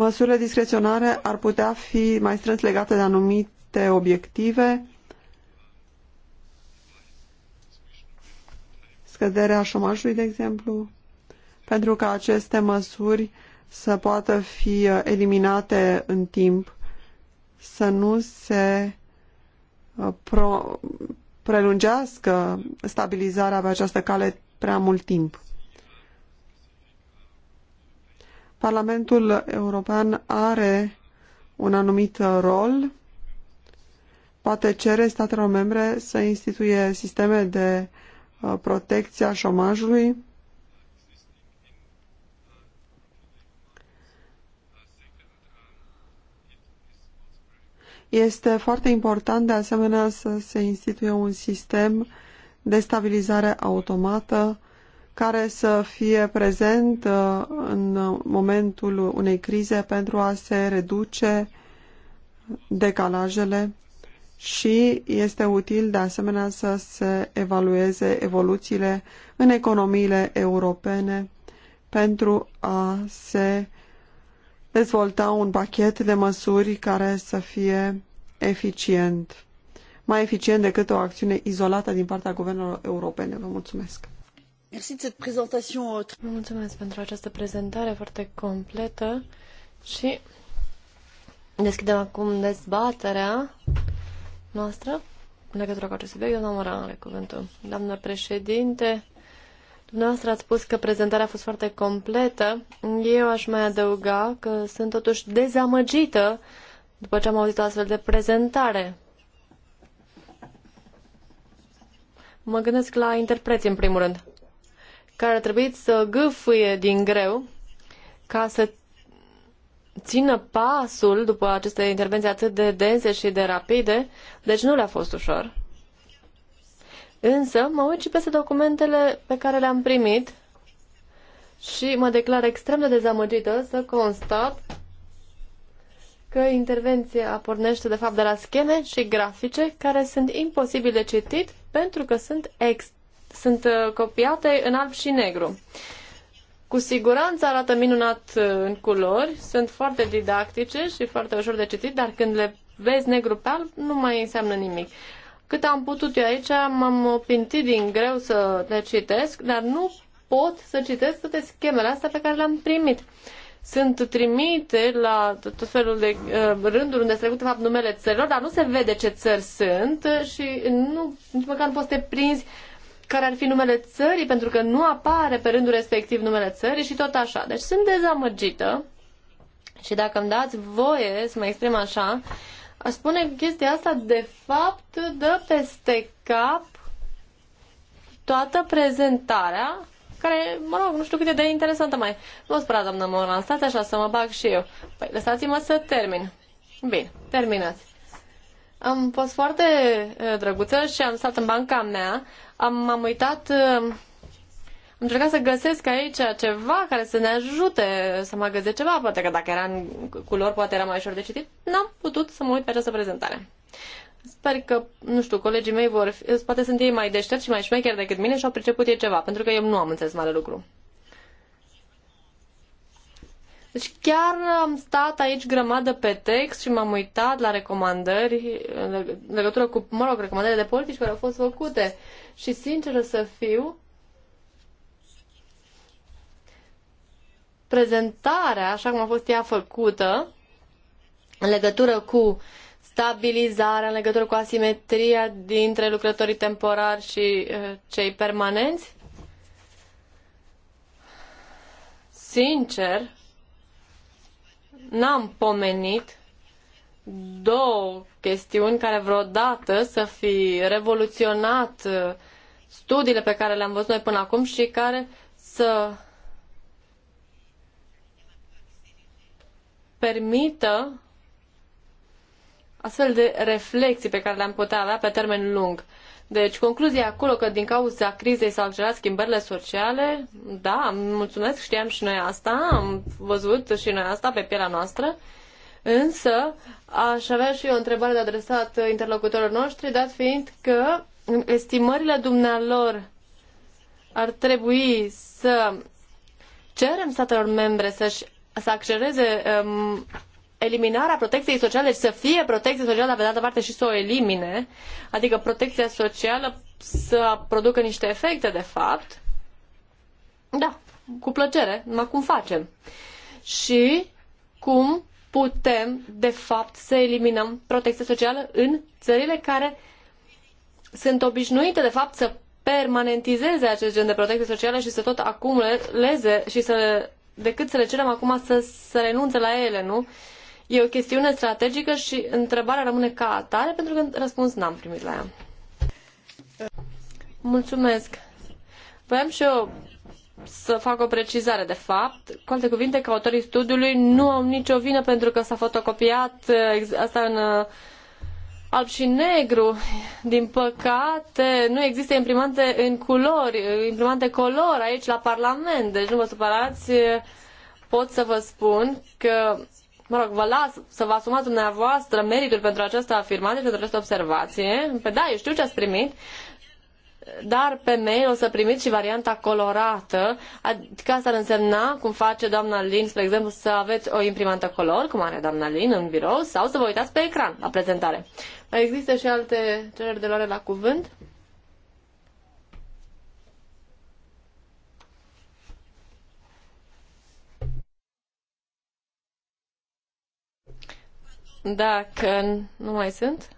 Măsurile discreționare ar putea fi mai strâns legate de anumite obiective, scăderea șomajului, de exemplu, pentru ca aceste măsuri să poată fi uh, eliminate în timp, să nu se uh, pro prelungească stabilizarea pe această cale prea mult timp. Parlamentul European are un anumit rol, poate cere statelor membre să instituie sisteme de uh, protecție a șomajului, Este foarte important de asemenea să se instituie un sistem de stabilizare automată care să fie prezent uh, în momentul unei crize pentru a se reduce decalajele și este util de asemenea să se evalueze evoluțiile în economiile europene pentru a se dezvolta un pachet de măsuri care să fie eficient, mai eficient decât o acțiune izolată din partea guvernelor europene. Vă mulțumesc! Euh, mulțumesc pentru această prezentare foarte completă și deschidem acum dezbaterea noastră în legătură cu acest subiect. Doamna Moran are cuvântul. Doamna președinte, Dumneavoastră ați spus că prezentarea a fost foarte completă. Eu aș mai adăuga că sunt totuși dezamăgită după ce am auzit o astfel de prezentare. Mă gândesc la interpreți, în primul rând care a trebuit să gâfâie din greu ca să țină pasul după aceste intervenții atât de dense și de rapide, deci nu le-a fost ușor. Însă mă uit și peste documentele pe care le-am primit și mă declar extrem de dezamăgită să constat că intervenția pornește de fapt de la scheme și grafice care sunt imposibile de citit pentru că sunt extrem sunt uh, copiate în alb și negru. Cu siguranță arată minunat uh, în culori, sunt foarte didactice și foarte ușor de citit, dar când le vezi negru pe alb, nu mai înseamnă nimic. Cât am putut eu aici, m-am pintit din greu să le citesc, dar nu pot să citesc toate schemele astea pe care le-am primit. Sunt trimite la tot felul de uh, rânduri unde se trecut, de fapt, numele țărilor, dar nu se vede ce țări sunt și nu, nici măcar nu poți să te prinzi care ar fi numele țării, pentru că nu apare pe rândul respectiv numele țării și tot așa. Deci sunt dezamăgită și dacă îmi dați voie să mă exprim așa, aș spune chestia asta de fapt dă peste cap toată prezentarea care, mă rog, nu știu cât de interesantă mai. Nu spera, doamnă Moran, stați așa să mă bag și eu. Păi, lăsați-mă să termin. Bine, terminați. Am fost foarte eh, drăguță și am stat în banca mea am, am uitat, uh, am încercat să găsesc aici ceva care să ne ajute să mă găsesc ceva, poate că dacă era în culori, poate era mai ușor de citit, n-am putut să mă uit pe această prezentare. Sper că, nu știu, colegii mei vor fi, poate sunt ei mai deștepți și mai șmecheri decât mine și au priceput ei ceva, pentru că eu nu am înțeles mare lucru. Deci chiar am stat aici grămadă pe text și m-am uitat la recomandări în legătură cu, mă rog, recomandările de politici care au fost făcute și, sinceră să fiu, prezentarea, așa cum a fost ea făcută, în legătură cu stabilizarea, în legătură cu asimetria dintre lucrătorii temporari și uh, cei permanenți? Sincer, n-am pomenit două chestiuni care vreodată să fi revoluționat uh, studiile pe care le-am văzut noi până acum și care să permită astfel de reflexii pe care le-am putea avea pe termen lung. Deci, concluzia acolo că din cauza crizei s-au accelerat schimbările sociale, da, mulțumesc, știam și noi asta, am văzut și noi asta pe pielea noastră, uh, Însă, aș avea și eu o întrebare de adresat interlocutorilor noștri, dat fiind că estimările dumnealor ar trebui să cerem statelor membre să-și să accereze um, eliminarea protecției sociale, deci să fie protecție socială, dar pe de altă parte și să o elimine, adică protecția socială să producă niște efecte, de fapt. Da, cu plăcere, numai cum facem. Și cum putem, de fapt, să eliminăm protecția socială în țările care sunt obișnuite, de fapt, să permanentizeze acest gen de protecție socială și să tot acumuleze și să, decât să le cerem acum să, să renunțe la ele, nu? E o chestiune strategică și întrebarea rămâne ca atare pentru că răspuns n-am primit la ea. Mulțumesc! Voiam și eu să fac o precizare, de fapt. Cu alte cuvinte, că autorii studiului nu au nicio vină pentru că s-a fotocopiat eh, asta în eh, alb și negru. Din păcate, nu există imprimante în culori, eh, imprimante color aici la Parlament, deci nu vă supărați. Pot să vă spun că mă rog, vă las să vă asumați dumneavoastră meritul pentru această afirmație, pentru această observație. Pe da, eu știu ce ați primit, dar pe mail o să primiți și varianta colorată, adică asta ar însemna, cum face doamna Lin, spre exemplu, să aveți o imprimantă color, cum are doamna Lin în birou, sau să vă uitați pe ecran la prezentare. Mai există și alte cereri de luare la cuvânt? Dacă nu mai sunt.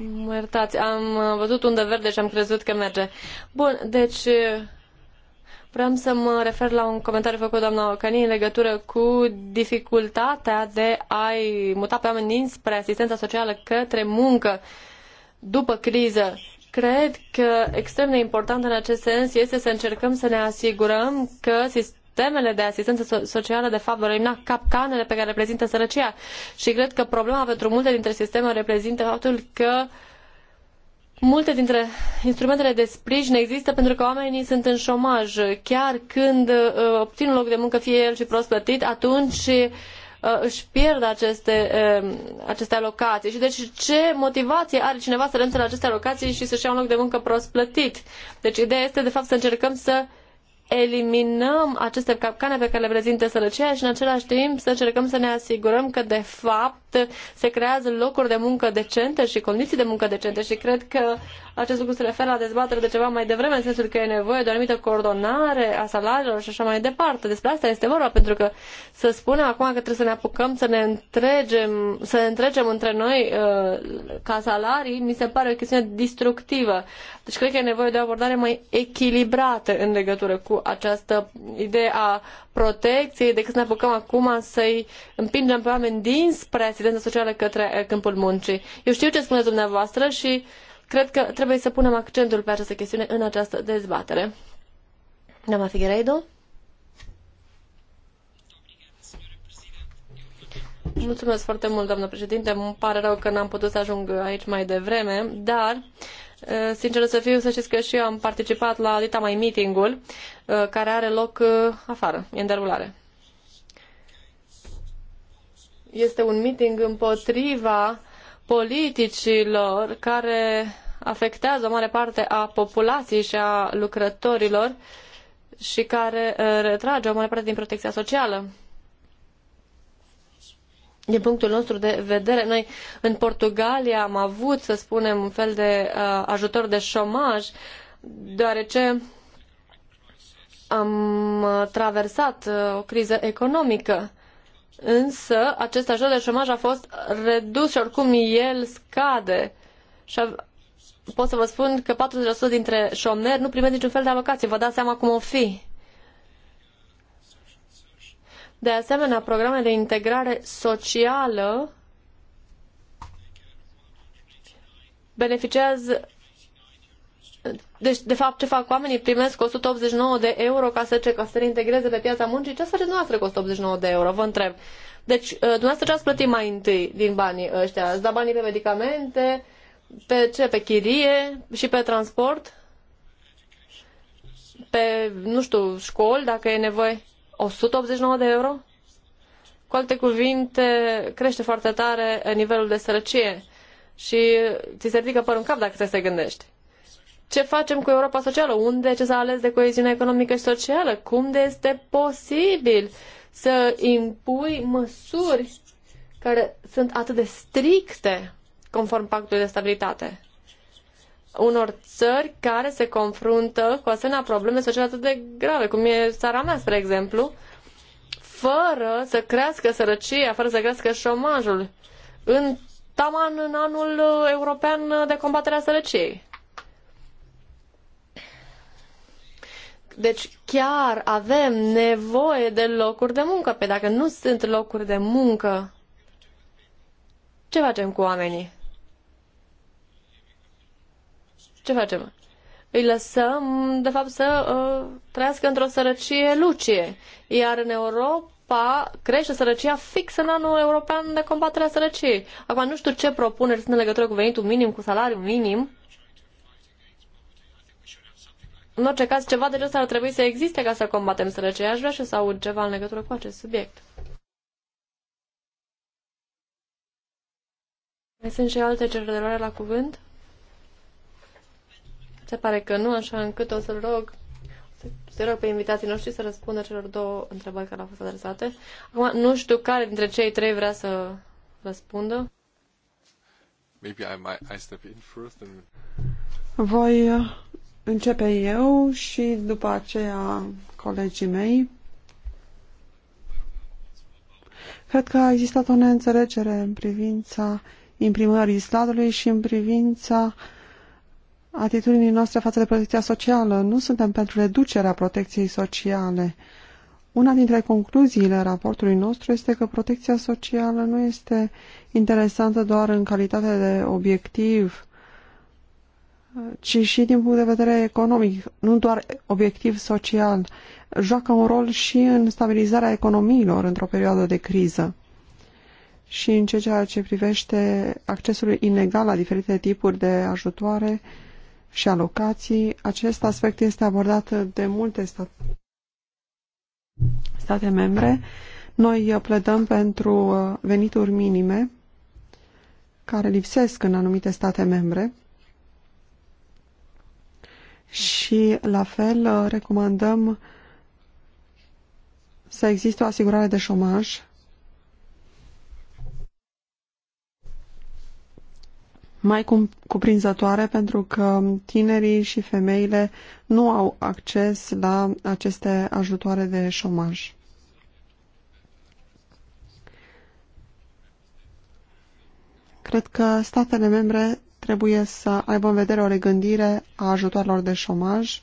Mă iertați, am uh, văzut unde verde și am crezut că merge. Bun, deci uh, vreau să mă refer la un comentariu făcut doamna Ocani în legătură cu dificultatea de a-i muta pe oameni dinspre asistența socială către muncă după criză. Cred că extrem de important în acest sens este să încercăm să ne asigurăm că sistemul sistemele de asistență socială de fapt vor elimina capcanele pe care le prezintă sărăcia. Și cred că problema pentru multe dintre sisteme reprezintă faptul că multe dintre instrumentele de sprijin există pentru că oamenii sunt în șomaj. Chiar când uh, obțin un loc de muncă, fie el și prost plătit, atunci uh, își pierd aceste, uh, aceste alocații. Și deci ce motivație are cineva să renunțe la aceste alocații și să-și ia un loc de muncă prost plătit? Deci ideea este de fapt să încercăm să uh, eliminăm aceste capcane pe care le prezintă sărăcia și în același timp să încercăm să ne asigurăm că de fapt fapt se creează locuri de muncă decente și condiții de muncă decente și cred că acest lucru se referă la dezbatere de ceva mai devreme, în sensul că e nevoie de o anumită coordonare a salariilor și așa mai departe. Despre asta este vorba, pentru că să spunem acum că trebuie să ne apucăm să ne întregem, să ne întregem între noi uh, ca salarii, mi se pare o chestiune distructivă. Deci cred că e nevoie de o abordare mai echilibrată în legătură cu această idee a protecție, decât să ne apucăm acum să-i împingem pe oameni dinspre asistența socială către eh, câmpul muncii. Eu știu ce spuneți dumneavoastră și cred că trebuie să punem accentul pe această chestiune în această dezbatere. Doamna Figueiredo? Mulțumesc foarte mult, doamnă președinte. Îmi pare rău că n-am putut să ajung aici mai devreme, dar Eh, sincer să fiu, să știți că și eu am participat la Dita Mai Meeting-ul, eh, care are loc eh, afară, e în derulare. Este un meeting împotriva politicilor care afectează o mare parte a populației și a lucrătorilor și care retrage o mare parte din protecția socială. Din punctul nostru de vedere, noi în Portugalia am avut, să spunem, un fel de uh, ajutor de șomaj, deoarece am uh, traversat uh, o criză economică. Însă, acest ajutor de șomaj a fost redus și oricum el scade. Și a... pot să vă spun că 40% dintre șomeri nu primesc niciun fel de alocație. Vă dați seama cum o fi. De asemenea, programe de integrare socială beneficiază deci, de fapt, ce fac oamenii? Primesc 189 de euro ca să, ce, ca să se reintegreze pe piața muncii. Ce să faceți dumneavoastră cu 189 de euro? Vă întreb. Deci, uh, dumneavoastră ce ați plătit mai întâi din banii ăștia? Ați dat banii pe medicamente, pe ce? Pe chirie și pe transport? Pe, nu știu, școli, dacă e nevoie? 189 de euro? Cu alte cuvinte, crește foarte tare nivelul de sărăcie și ți se ridică părul în cap dacă te să gândești. Ce facem cu Europa Socială? Unde ce s-a ales de coeziune economică și socială? Cum de este posibil să impui măsuri care sunt atât de stricte conform pactului de stabilitate? unor țări care se confruntă cu asemenea probleme sociale atât de grave, cum e țara mea, spre exemplu, fără să crească sărăcia, fără să crească șomajul, în taman în anul european de combatere a sărăciei. Deci chiar avem nevoie de locuri de muncă. Pe păi dacă nu sunt locuri de muncă, ce facem cu oamenii? ce facem? Îi lăsăm, de fapt, să uh, trăiască într-o sărăcie lucie. Iar în Europa crește sărăcia fix în anul european de combatere a sărăciei. Acum nu știu ce propuneri sunt în legătură cu venitul minim, cu salariul minim. În orice caz, ceva de genul ar trebui să existe ca să combatem sărăcia. Aș vrea și să aud ceva în legătură cu acest subiect. Mai sunt și alte cereri de luare la cuvânt? Se pare că nu, așa încât o să-l rog să rog pe invitații noștri să răspundă celor două întrebări care au fost adresate. Acum, nu știu care dintre cei trei vrea să răspundă. Maybe I might, I step in first and... Voi uh, începe eu și după aceea colegii mei. Cred că a existat o neînțelegere în privința imprimării statului și în privința uh, atitudinii noastre față de protecția socială. Nu suntem pentru reducerea protecției sociale. Una dintre concluziile raportului nostru este că protecția socială nu este interesantă doar în calitate de obiectiv, ci și din punct de vedere economic, nu doar obiectiv social. Joacă un rol și în stabilizarea economiilor într-o perioadă de criză și în ceea ce privește accesul inegal la diferite tipuri de ajutoare, și alocații, acest aspect este abordat de multe state, state membre. Noi uh, plădăm pentru uh, venituri minime care lipsesc în anumite state membre și, la fel, uh, recomandăm să existe o asigurare de șomaj mai cuprinzătoare pentru că tinerii și femeile nu au acces la aceste ajutoare de șomaj. Cred că statele membre trebuie să aibă în vedere o regândire a ajutoarelor de șomaj.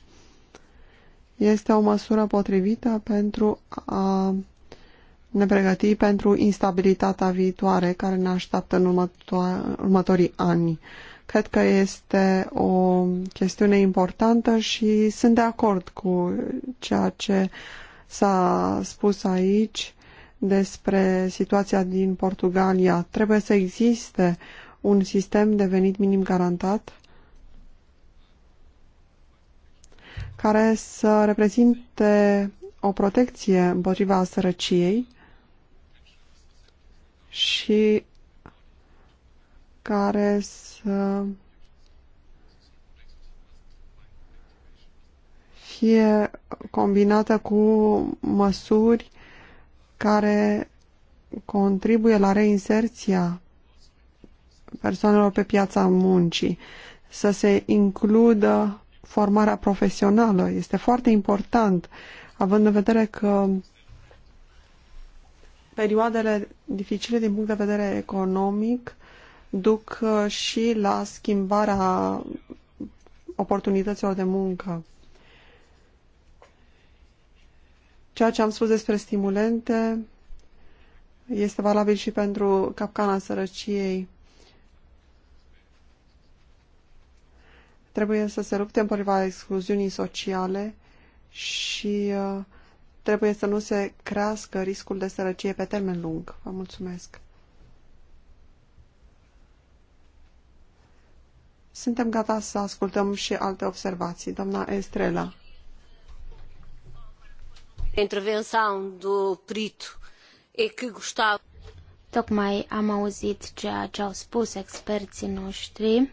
Este o măsură potrivită pentru a ne pregăti pentru instabilitatea viitoare care ne așteaptă în următorii ani. Cred că este o chestiune importantă și sunt de acord cu ceea ce s-a spus aici despre situația din Portugalia. Trebuie să existe un sistem de venit minim garantat care să reprezinte o protecție împotriva sărăciei și care să fie combinată cu măsuri care contribuie la reinserția persoanelor pe piața muncii, să se includă formarea profesională. Este foarte important, având în vedere că perioadele dificile din punct de vedere economic duc uh, și la schimbarea oportunităților de muncă. Ceea ce am spus despre stimulente este valabil și pentru capcana sărăciei. Trebuie să se lupte împotriva excluziunii sociale și uh, trebuie să nu se crească riscul de sărăcie pe termen lung. Vă mulțumesc. Suntem gata să ascultăm și alte observații. Doamna Estrela. Intervenção do Prito e que gostava. Tocmai am auzit ceea ce au spus experții noștri.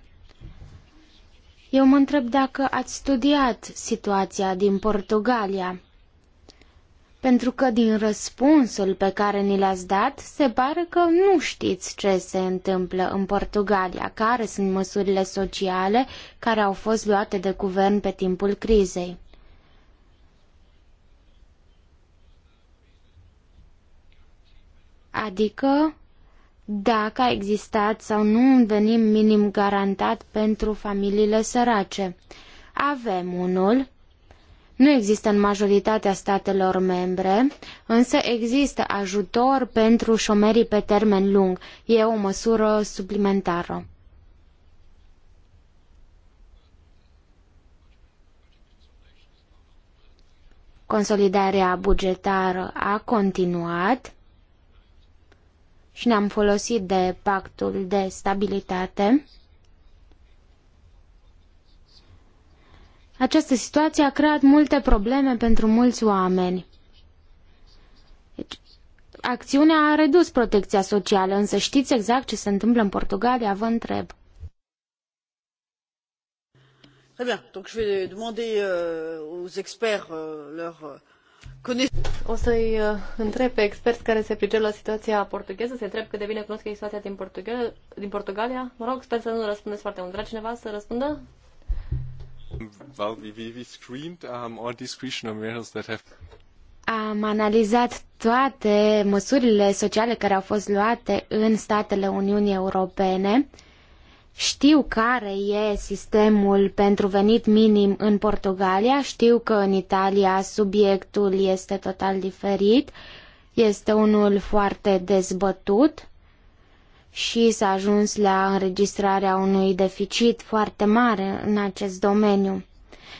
Eu mă întreb dacă ați studiat situația din Portugalia pentru că din răspunsul pe care ni l-ați dat, se pare că nu știți ce se întâmplă în Portugalia, care sunt măsurile sociale care au fost luate de guvern pe timpul crizei. Adică, dacă a existat sau nu un venim minim garantat pentru familiile sărace. Avem unul, nu există în majoritatea statelor membre, însă există ajutor pentru șomerii pe termen lung. E o măsură suplimentară. Consolidarea bugetară a continuat și ne-am folosit de pactul de stabilitate. Această situație a creat multe probleme pentru mulți oameni. Deci, acțiunea a redus protecția socială, însă știți exact ce se întâmplă în Portugalia, vă întreb. Euh, euh, euh, o să-i uh, întreb pe experți care se pricep la situația portugheză, să întreb cât de bine cunosc situația din, din Portugalia. Mă rog, sper să nu răspundeți foarte mult. Vrea cineva să răspundă? Well, we, we screened um, all discretionary measures that have am analizat toate măsurile sociale care au fost luate în statele Uniunii Europene. Știu care e sistemul pentru venit minim în Portugalia, știu că în Italia subiectul este total diferit, este unul foarte dezbătut și s-a ajuns la înregistrarea unui deficit foarte mare în acest domeniu.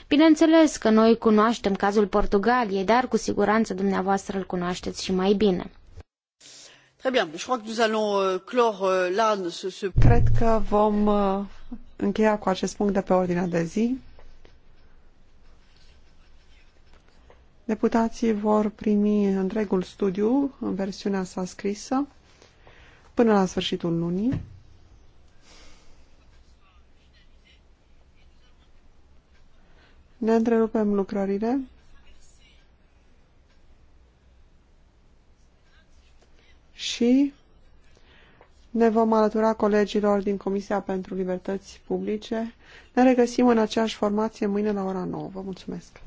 Bineînțeles că noi cunoaștem cazul Portugaliei, dar cu siguranță dumneavoastră îl cunoașteți și mai bine. Euh, euh, Cred că vom uh, încheia cu acest punct de pe ordinea de zi. Deputații vor primi întregul studiu în versiunea sa scrisă până la sfârșitul lunii. Ne întrerupem lucrările. Și ne vom alătura colegilor din Comisia pentru Libertăți Publice. Ne regăsim în aceeași formație mâine la ora 9. Vă mulțumesc!